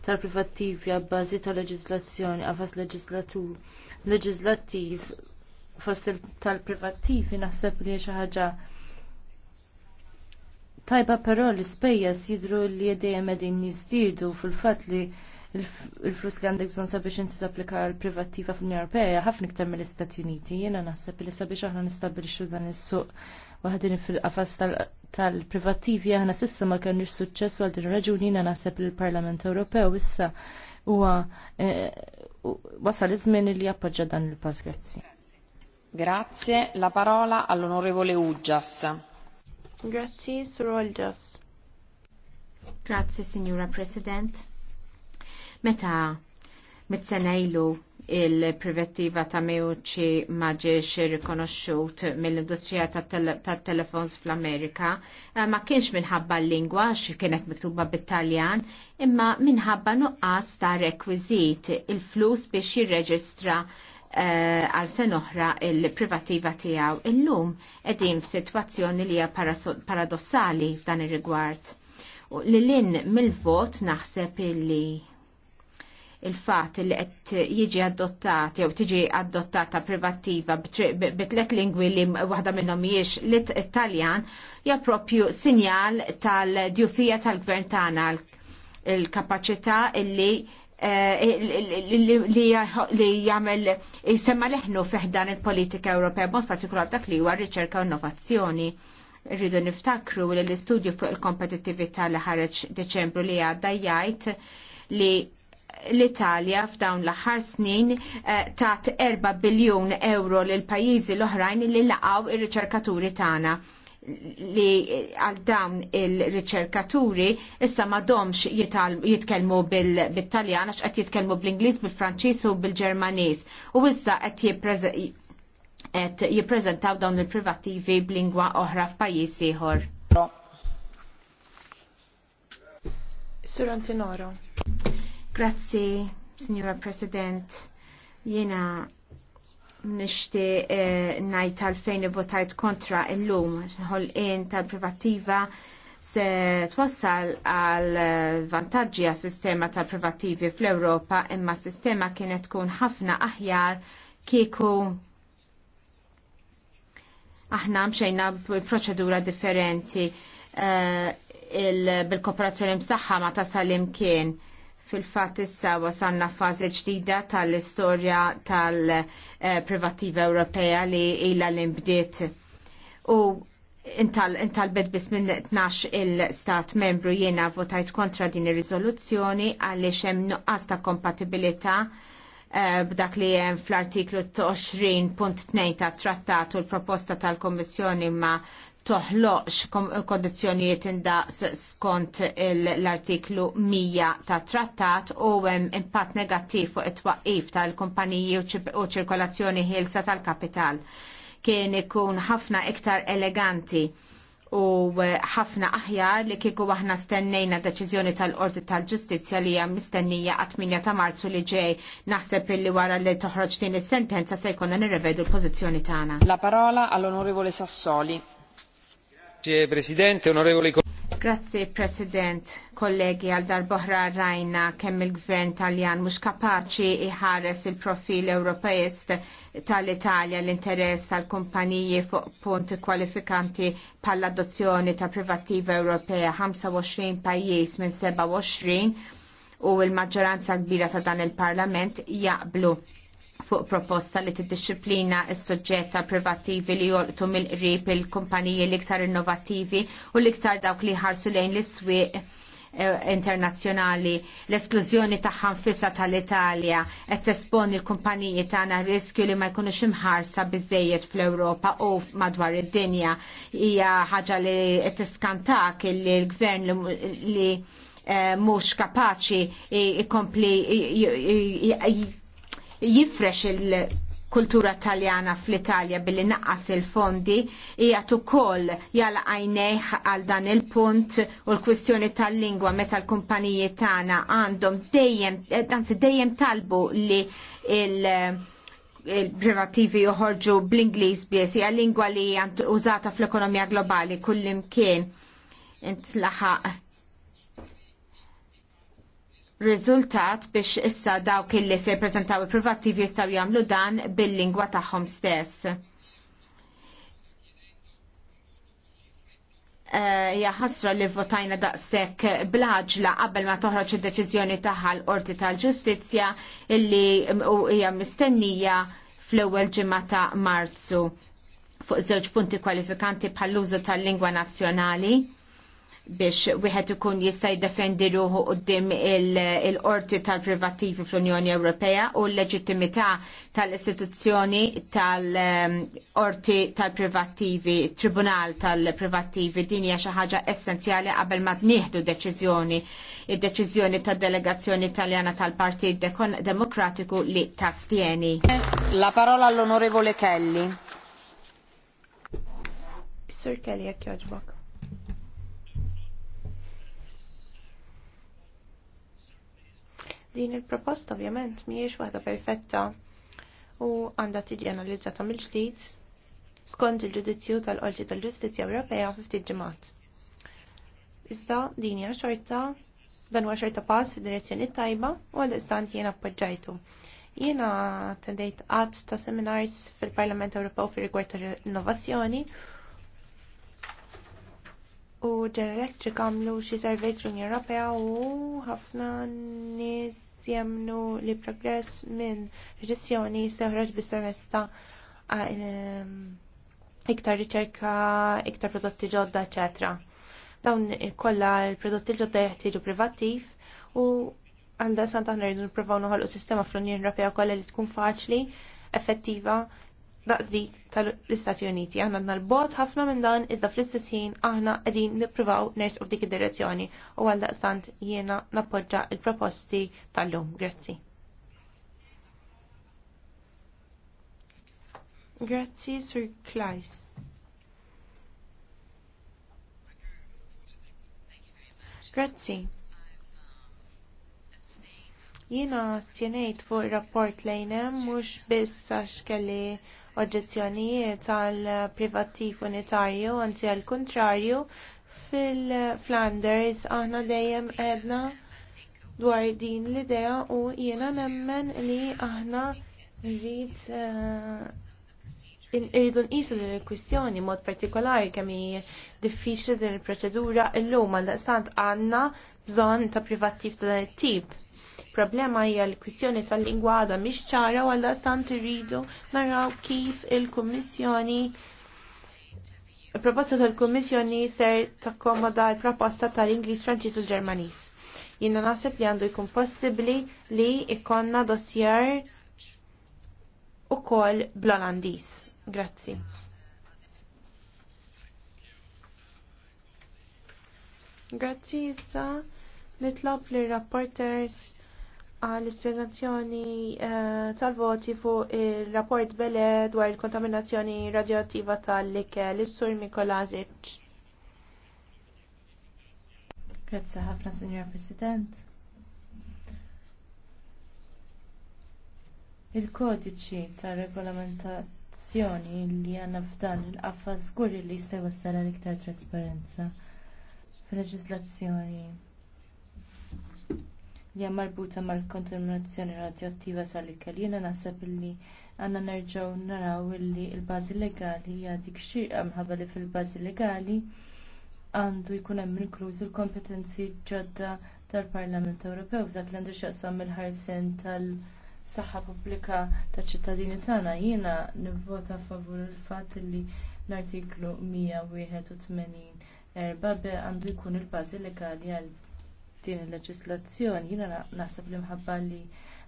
tal-privattivja bbażi ta' leġiżlazzjoni għafas leġislattiv fost tal-privattivi naħseb li xi ħaġa tajba però l-ispejjeż jidhru li dejjem qegħdin jiżdiedu fil-fatt li il-flus li għandek bżonn sabiex inti tapplika l-privattiva fl-Unjoni Ewropea ħafna iktar mill-Istati Uniti. Jiena naħseb li sabiex aħna nistabbilixxu dan is-suq waħdin fil-qafas tal-privattivi aħna sissa ma kenniex suċċess għal din raġuni jiena naħseb il parlament Ewropew issa huwa eh, wasal iż li jappoġġa dan il-pass Grazie. Grazie, la parola all'onorevole Uggias. Grazie, Sur Uggias. Grazie, Signora President. Meta mit-senajlu il-privettiva ta' mewċi maġiex rikonosciut mill-industrija tat telefons fl-Amerika eh, ma kienx minħabba l-lingwa xi kienet miktuba bit-Taljan imma minħabba nuqqas ta' rekwizit il-flus biex jirreġistra eh, għal sen oħra il-privattiva tiegħu illum qegħdin f'sitwazzjoni li hija paradossali f'dan ir-rigward. Lilin mill-vot naħseb illi il-fat li qed jiġi adottat jew tiġi adottata privattiva bitlet lingwi li waħda minnhom mhijiex l-Italjan hija propju sinjal tal-djufija tal-gvern tagħna il-kapaċità illi eh, li jagħmel jsemma leħnu fiħdan il-politika Ewropea b'mod partikolar dak li huwa riċerka u innovazzjoni rridu niftakru li l-istudju fuq il-kompetittività li ħareġ Deċembru li għadda jgħid li l-Italja f'dawn l-aħħar snin eh, tat 4 biljun euro lil pajjiżi l-oħrajn li laqgħu ir-riċerkaturi tagħna li għal dawn il-riċerkaturi issa ma domx jitkelmu bil-Taljan għax qed jitkellmu bl-Ingliż, bil-Franċiż u bil-Ġermaniż. U issa qed jippreżentaw dawn il-privattivi b'lingwa oħra f'pajjiż ieħor. Sur Antinoro. Grazzi, Signora President. Jena nishti eh, najt għalfejn votajt kontra illum ħolqien tal-privattiva se twassal għal eh, vantaġġi għas sistema tal-privattivi fl-Europa imma sistema kienet tkun ħafna aħjar kieku aħna mxejna proċedura differenti eh, bil-kooperazzjoni msaħħa ma tasal imkien. kien Fil-fat issa wasanna fażi ġdida tal-istorja tal-privattiva Ewropea li ila l-imbdiet. U intal-bed bis minn 12 il-stat membru jena votajt kontra din ir-riżoluzzjoni għaliex hemm nuqqas ta' kompatibilità eh, b'dak li hemm fl-artiklu 20.2 ta' trattat u l-proposta tal-Kommissjoni ma' toħloqx kondizjonijiet indaqs skont l-artiklu 100 ta' trattat u hemm impatt negattiv fuq it-twaqqif tal-kumpaniji u ċirkolazzjoni ħilsa tal-kapital. Kien ikun ħafna iktar eleganti u ħafna aħjar li kieku aħna stennejna deċiżjoni tal-Qorti tal-Ġustizzja li hija mistennija għat-8 ta' Marzu li ġej naħseb illi wara li toħroġ din is-sentenza se jkollna nirrevedu l-pożizzjoni tagħna. La parola għall-Onorevole Sassoli. Grazie Presidente, onorevoli Grazie President, kollegi għal darboħra rajna kemm il-gvern taljan mhux kapaċi iħares il-profil Ewropejist tal-Italja l-interess tal-kumpaniji fuq punti kwalifikanti pall adozzjoni ta' privattiva Ewropea 25 pajjiż minn 27 u l-maġġoranza kbira ta' dan il-Parlament jaqblu fuq proposta li tiddisciplina s-soġġett privattivi li jolqtu mill-qrib il-kumpaniji l-iktar innovattivi u l-iktar dawk li ħarsu lejn l iswiq eh, internazzjonali, l-esklużjoni tagħha fissa tal-Italja qed tesponi l-kumpaniji tagħna riskju li ma jkunux imħarsa biżejjed fl-Ewropa u madwar id-dinja hija ħaġa li qed tiskantak li l-gvern li eh, mhux kapaċi ikompli jifrex il-kultura taljana fl-Italja billi naqqas il-fondi jgħat ukoll jala għajnejħ għal dan il-punt u l-kwistjoni tal-lingwa meta l-kumpaniji tagħna għandhom dejjem, danzi dejjem talbu li il- il-privativi joħorġu bl-Inglis bies, hija lingwa li użata fl-ekonomija globali kullimkien. Int laħaq riżultat biex issa dawk illi se jippreżentaw il-privattivi jistgħu jagħmlu dan bil-lingwa tagħhom stess. Eh, ja ħasra li votajna daqshekk bl-għaġla qabel ma toħroġ id-deċiżjoni tagħha l-Qorti tal-Ġustizzja illi hija mistennija fl-ewwel ġimgħa ta' Marzu fuq żewġ punti kwalifikanti bħall-użu tal-lingwa nazzjonali biex wieħed ikun jista' jiddefendi ruħu qudiem il-qorti tal-privattivi fl-Unjoni Ewropea u l-leġittimità tal-istituzzjoni tal-qorti tal-privattivi, tribunal tal-privattivi din hija xi ħaġa essenzjali qabel ma tnieħdu deċiżjoni id-deċiżjoni tad-delegazzjoni Taljana tal-Partit Demokratiku li tastieni. La parola all'onorevole Kelly. Sir Kelly, jekk joġbok. Din il-proposta ovvjament mhijiex waħda perfetta u għandha tiġi analizzata mill-ġdid skont il-ġudizzju tal-Qorti tal-Ġustizzja Ewropea fi ftit ġimgħat. Iżda din hija xorta dan huwa xorta pass fid-direzzjoni tajba u għal istant jien appoġġajtu. Jiena tendejt qatt ta' seminars fil-Parlament Ewropew firigward rigward tal-innovazzjoni u General Electric għamlu xi surveys fl-Unjoni Ewropea u ħafna nies jemnu li progress minn reġizzjoni seħraġ bis permess ta' iktar riċerka, iktar prodotti ġodda, eċetera. Dawn kollha l-prodotti ġodda jeħtieġu privattiv u għal dasan taħna rridu nipprovaw noħolqu sistema fl-Unjoni Ewropea kollha li tkun faċli, effettiva daqs dik tal-Istati Uniti. Aħna għandna l-bot ħafna minn dan iżda fl-istess ħin aħna qegħdin nippruvaw u f'dik id-direzzjoni u għal daqstant jiena nappoġġa il-proposti tal-lum. Grazzi. Grazzi, Sir Klajs. Grazzi. Jiena stjenejt fuq ir rapport lejnem mhux biss għax kelli oġġezzjonijiet għal privattiv unitarju, anzi għal kontrarju, fil-Flanders aħna dejjem edna dwar din l-idea u jiena nemmen li aħna rrid eh, irridu nqisu din il-kwistjoni mod partikolari kemm hi diffiċli din il-proċedura llum għal daqstant għandna bżonn ta' privattiv ta' dan it-tip. Il-problema hija l-kwistjoni tal-lingwa għadha mhix ċara u għalla stant irridu naraw kif il-Kummissjoni il-proposta tal-Kummissjoni ser takkomoda l-proposta tal-Ingliż, Franċiż u l-Ġermaniż. Jiena naħseb li għandu jkun possibbli li ikonna dossier ukoll bl-Olandiż. Grazzi. Grazzi issa nitlob li rapporters għal ispjegazzjoni eh, tal-voti fuq ir rapport Bele dwar il-kontaminazzjoni radioattiva tal-likel is-sur Mikolazic. Grazzi ħafna, Signor President. Il-kodiċi tar regolamentazzjoni li għandna f'dan il-qaffa żgur li jista' l iktar trasparenza fil-leġislazzjoni li hemm marbuta mal-kontaminazzjoni radioattiva tal-ikel. Jiena naħseb illi għandna nerġgħu naraw illi l-bażi legali hija dik xirqa minħabba li fil-bażi legali għandu jkun hemm inkluż il-kompetenzi ġodda tal-Parlament Ewropew f'dak li għandu x'jaqsam mill-ħarsien tal-saħħa pubblika taċ ċittadini tagħna. Jiena nivvota favur il-fatt li l-artiklu 181 erba' għandu jkun il-bażi legali għal din il-leġislazzjoni, jiena naħseb li mħabba li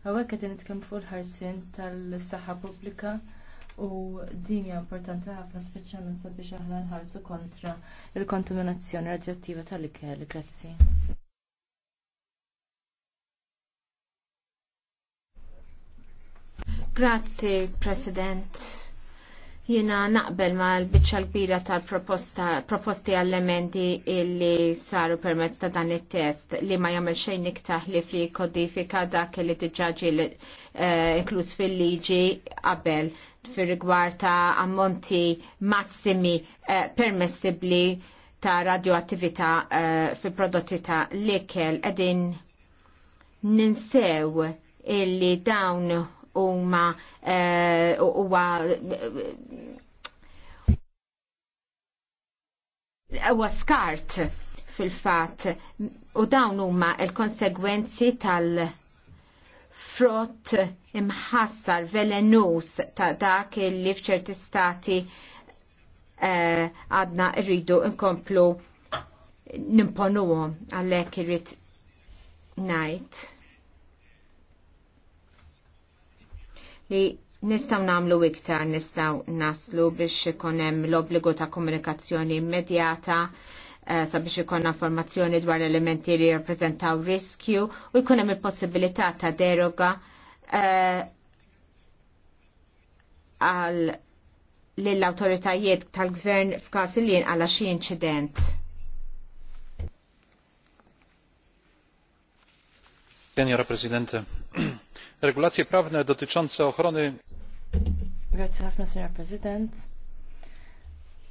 hawnhekk qed nitkellmu fuq il-ħarsien tal-saħħa pubblika u din hija importanti ħafna speċjalment sabiex aħna nħarsu kontra l kontaminazzjoni radjattiva tal-ikel. Grazzi. Grazzi, President. Jena naqbel ma l-bicċa l bira tal-proposti għall-emendi illi saru permezz ta' dan il-test li ma jagħmel xejn iktar li fi kodifika dak li diġaġi eh, inkluż fil-liġi qabel fir rigward ta' ammonti massimi eh, permessibli ta' radioattività eh, fi prodotti ta' l-ikel edin ninsew illi dawn huma eh, huwa huwa skart fil-fatt u dawn huma l-konsegwenzi tal- frott imħassar velenus ta' dak li fċerti stati eh, għadna uh, rridu nkomplu nimponuhom għalhekk irrit ngħid. li nistaw namlu iktar, nistaw naslu biex ikonem l-obbligu ta' komunikazzjoni immedjata eh, sabiex ikonna informazzjoni dwar elementi li jirrepresentaw riskju u jkunem il-possibilità ta' deroga eh, għal l-autoritajiet tal-gvern f'każ li għala xi inċident. signora presidente *clears throat* regulacje prawne dotyczące ochrony Grazie ħafna signor President.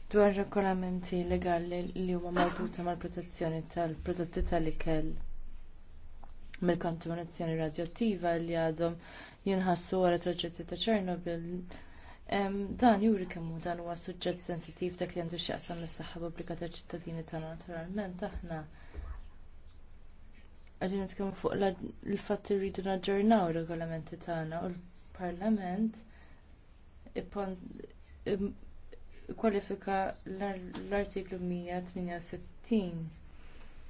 Dwar regolamenti legali li huwa marbuta mal-protezzjoni tal-prodotti tal-ikel mill-kontaminazzjoni radioattiva li għadhom jinħassu wara traġetti ta' Ċernobil dan juri kemm hu dan huwa suġġett sensitiv dak li għandu x'jaqsam mis-saħħa pubblika ta' ċittadini tagħna naturalment aħna għadin kemmu fuq l-fatt rridu naġġornaw regolamenti tagħna u l-Parlament kwalifika l-artiklu 168.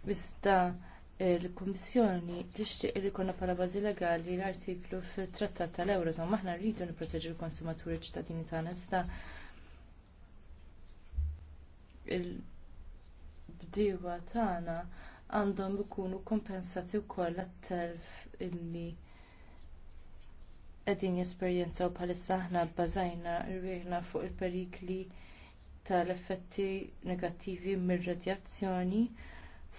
Iżda eh, l-Kummissjoni tixtieq li jkollna bħala bażi legali l-artiklu fit-Trattat tal ma Aħna rridu nipproteġu l-konsumaturi ċittadini tagħna iżda il-bdiewa tagħna għandhom ikunu kompensati wkoll għat-telf illi qegħdin jesperjenzaw bħalissa aħna bbażajna rwieħna fuq il-perikli tal-effetti negattivi mir-radjazzjoni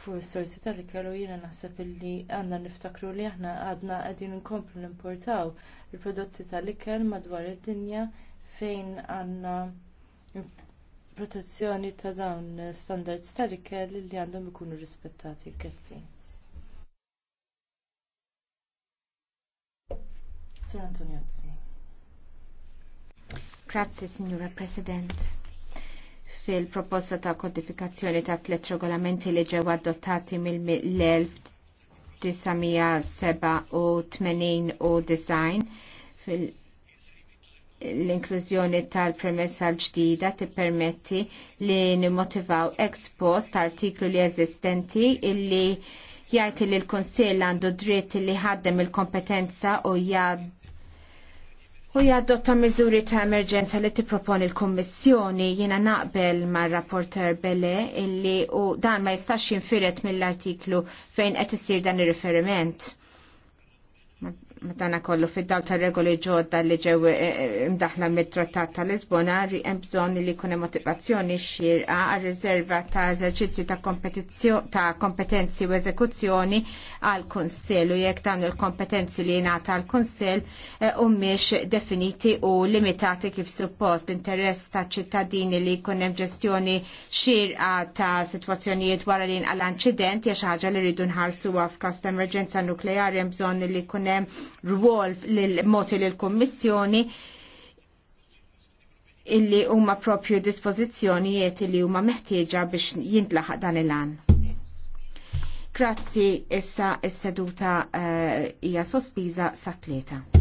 fuq is-sorsi tal-ikel u jiena naħseb illi għandna niftakru li aħna għadna qegħdin inkomplu nimportaw il-prodotti tal-ikel madwar id-dinja fejn għandna protezzjoni ta' dawn standards tal-ikel li għandhom ikunu rispettati. Grazzi. Sir Antoniozzi. Grazzi, Signora President fil-proposta ta' kodifikazzjoni ta' tliet regolamenti li ġew adottati mill-1987 u design fil- l-inklużjoni tal-premessa l-ġdida tippermetti li nimmotivaw ex post artiklu li eżistenti illi jgħajti li l-Kunsill għandu dritt li ħaddem il-kompetenza u jgħad U jaddotta miżuri ta' emerġenza li tipproponi l-Kommissjoni jiena naqbel ma' rapporter Bele illi u dan ma jistax jinfiret mill-artiklu fejn qed isir dan ir-riferiment matana kollu fid dal ta' regoli ġodda li ġew eh, eh, imdaħla mit-trattat ta' Lisbona hemm bżonn li jkun hemm motivazzjoni xirqa għar riserva ta' eżerċizzju ta' ta' kompetenzi u eżekuzzjoni għal kunsell u jekk dan il-kompetenzi li jingħata għal kunsell eh, mhumiex definiti u limitati kif suppost l-interess ta' ċittadini li jkun hemm ġestjoni xirqa ta' sitwazzjonijiet wara li inqal inċident jew xi ħaġa li rridu nħarsuha f'każ ta' emerġenza nukleari hemm bżonn li jkun hemm rwol l-moti l-Kommissjoni illi huma propju dispożizzjonijiet illi huma meħtieġa biex jintlaħaq dan il għan Grazzi, issa is-seduta eh, hija uh, sospiża sa' tlieta.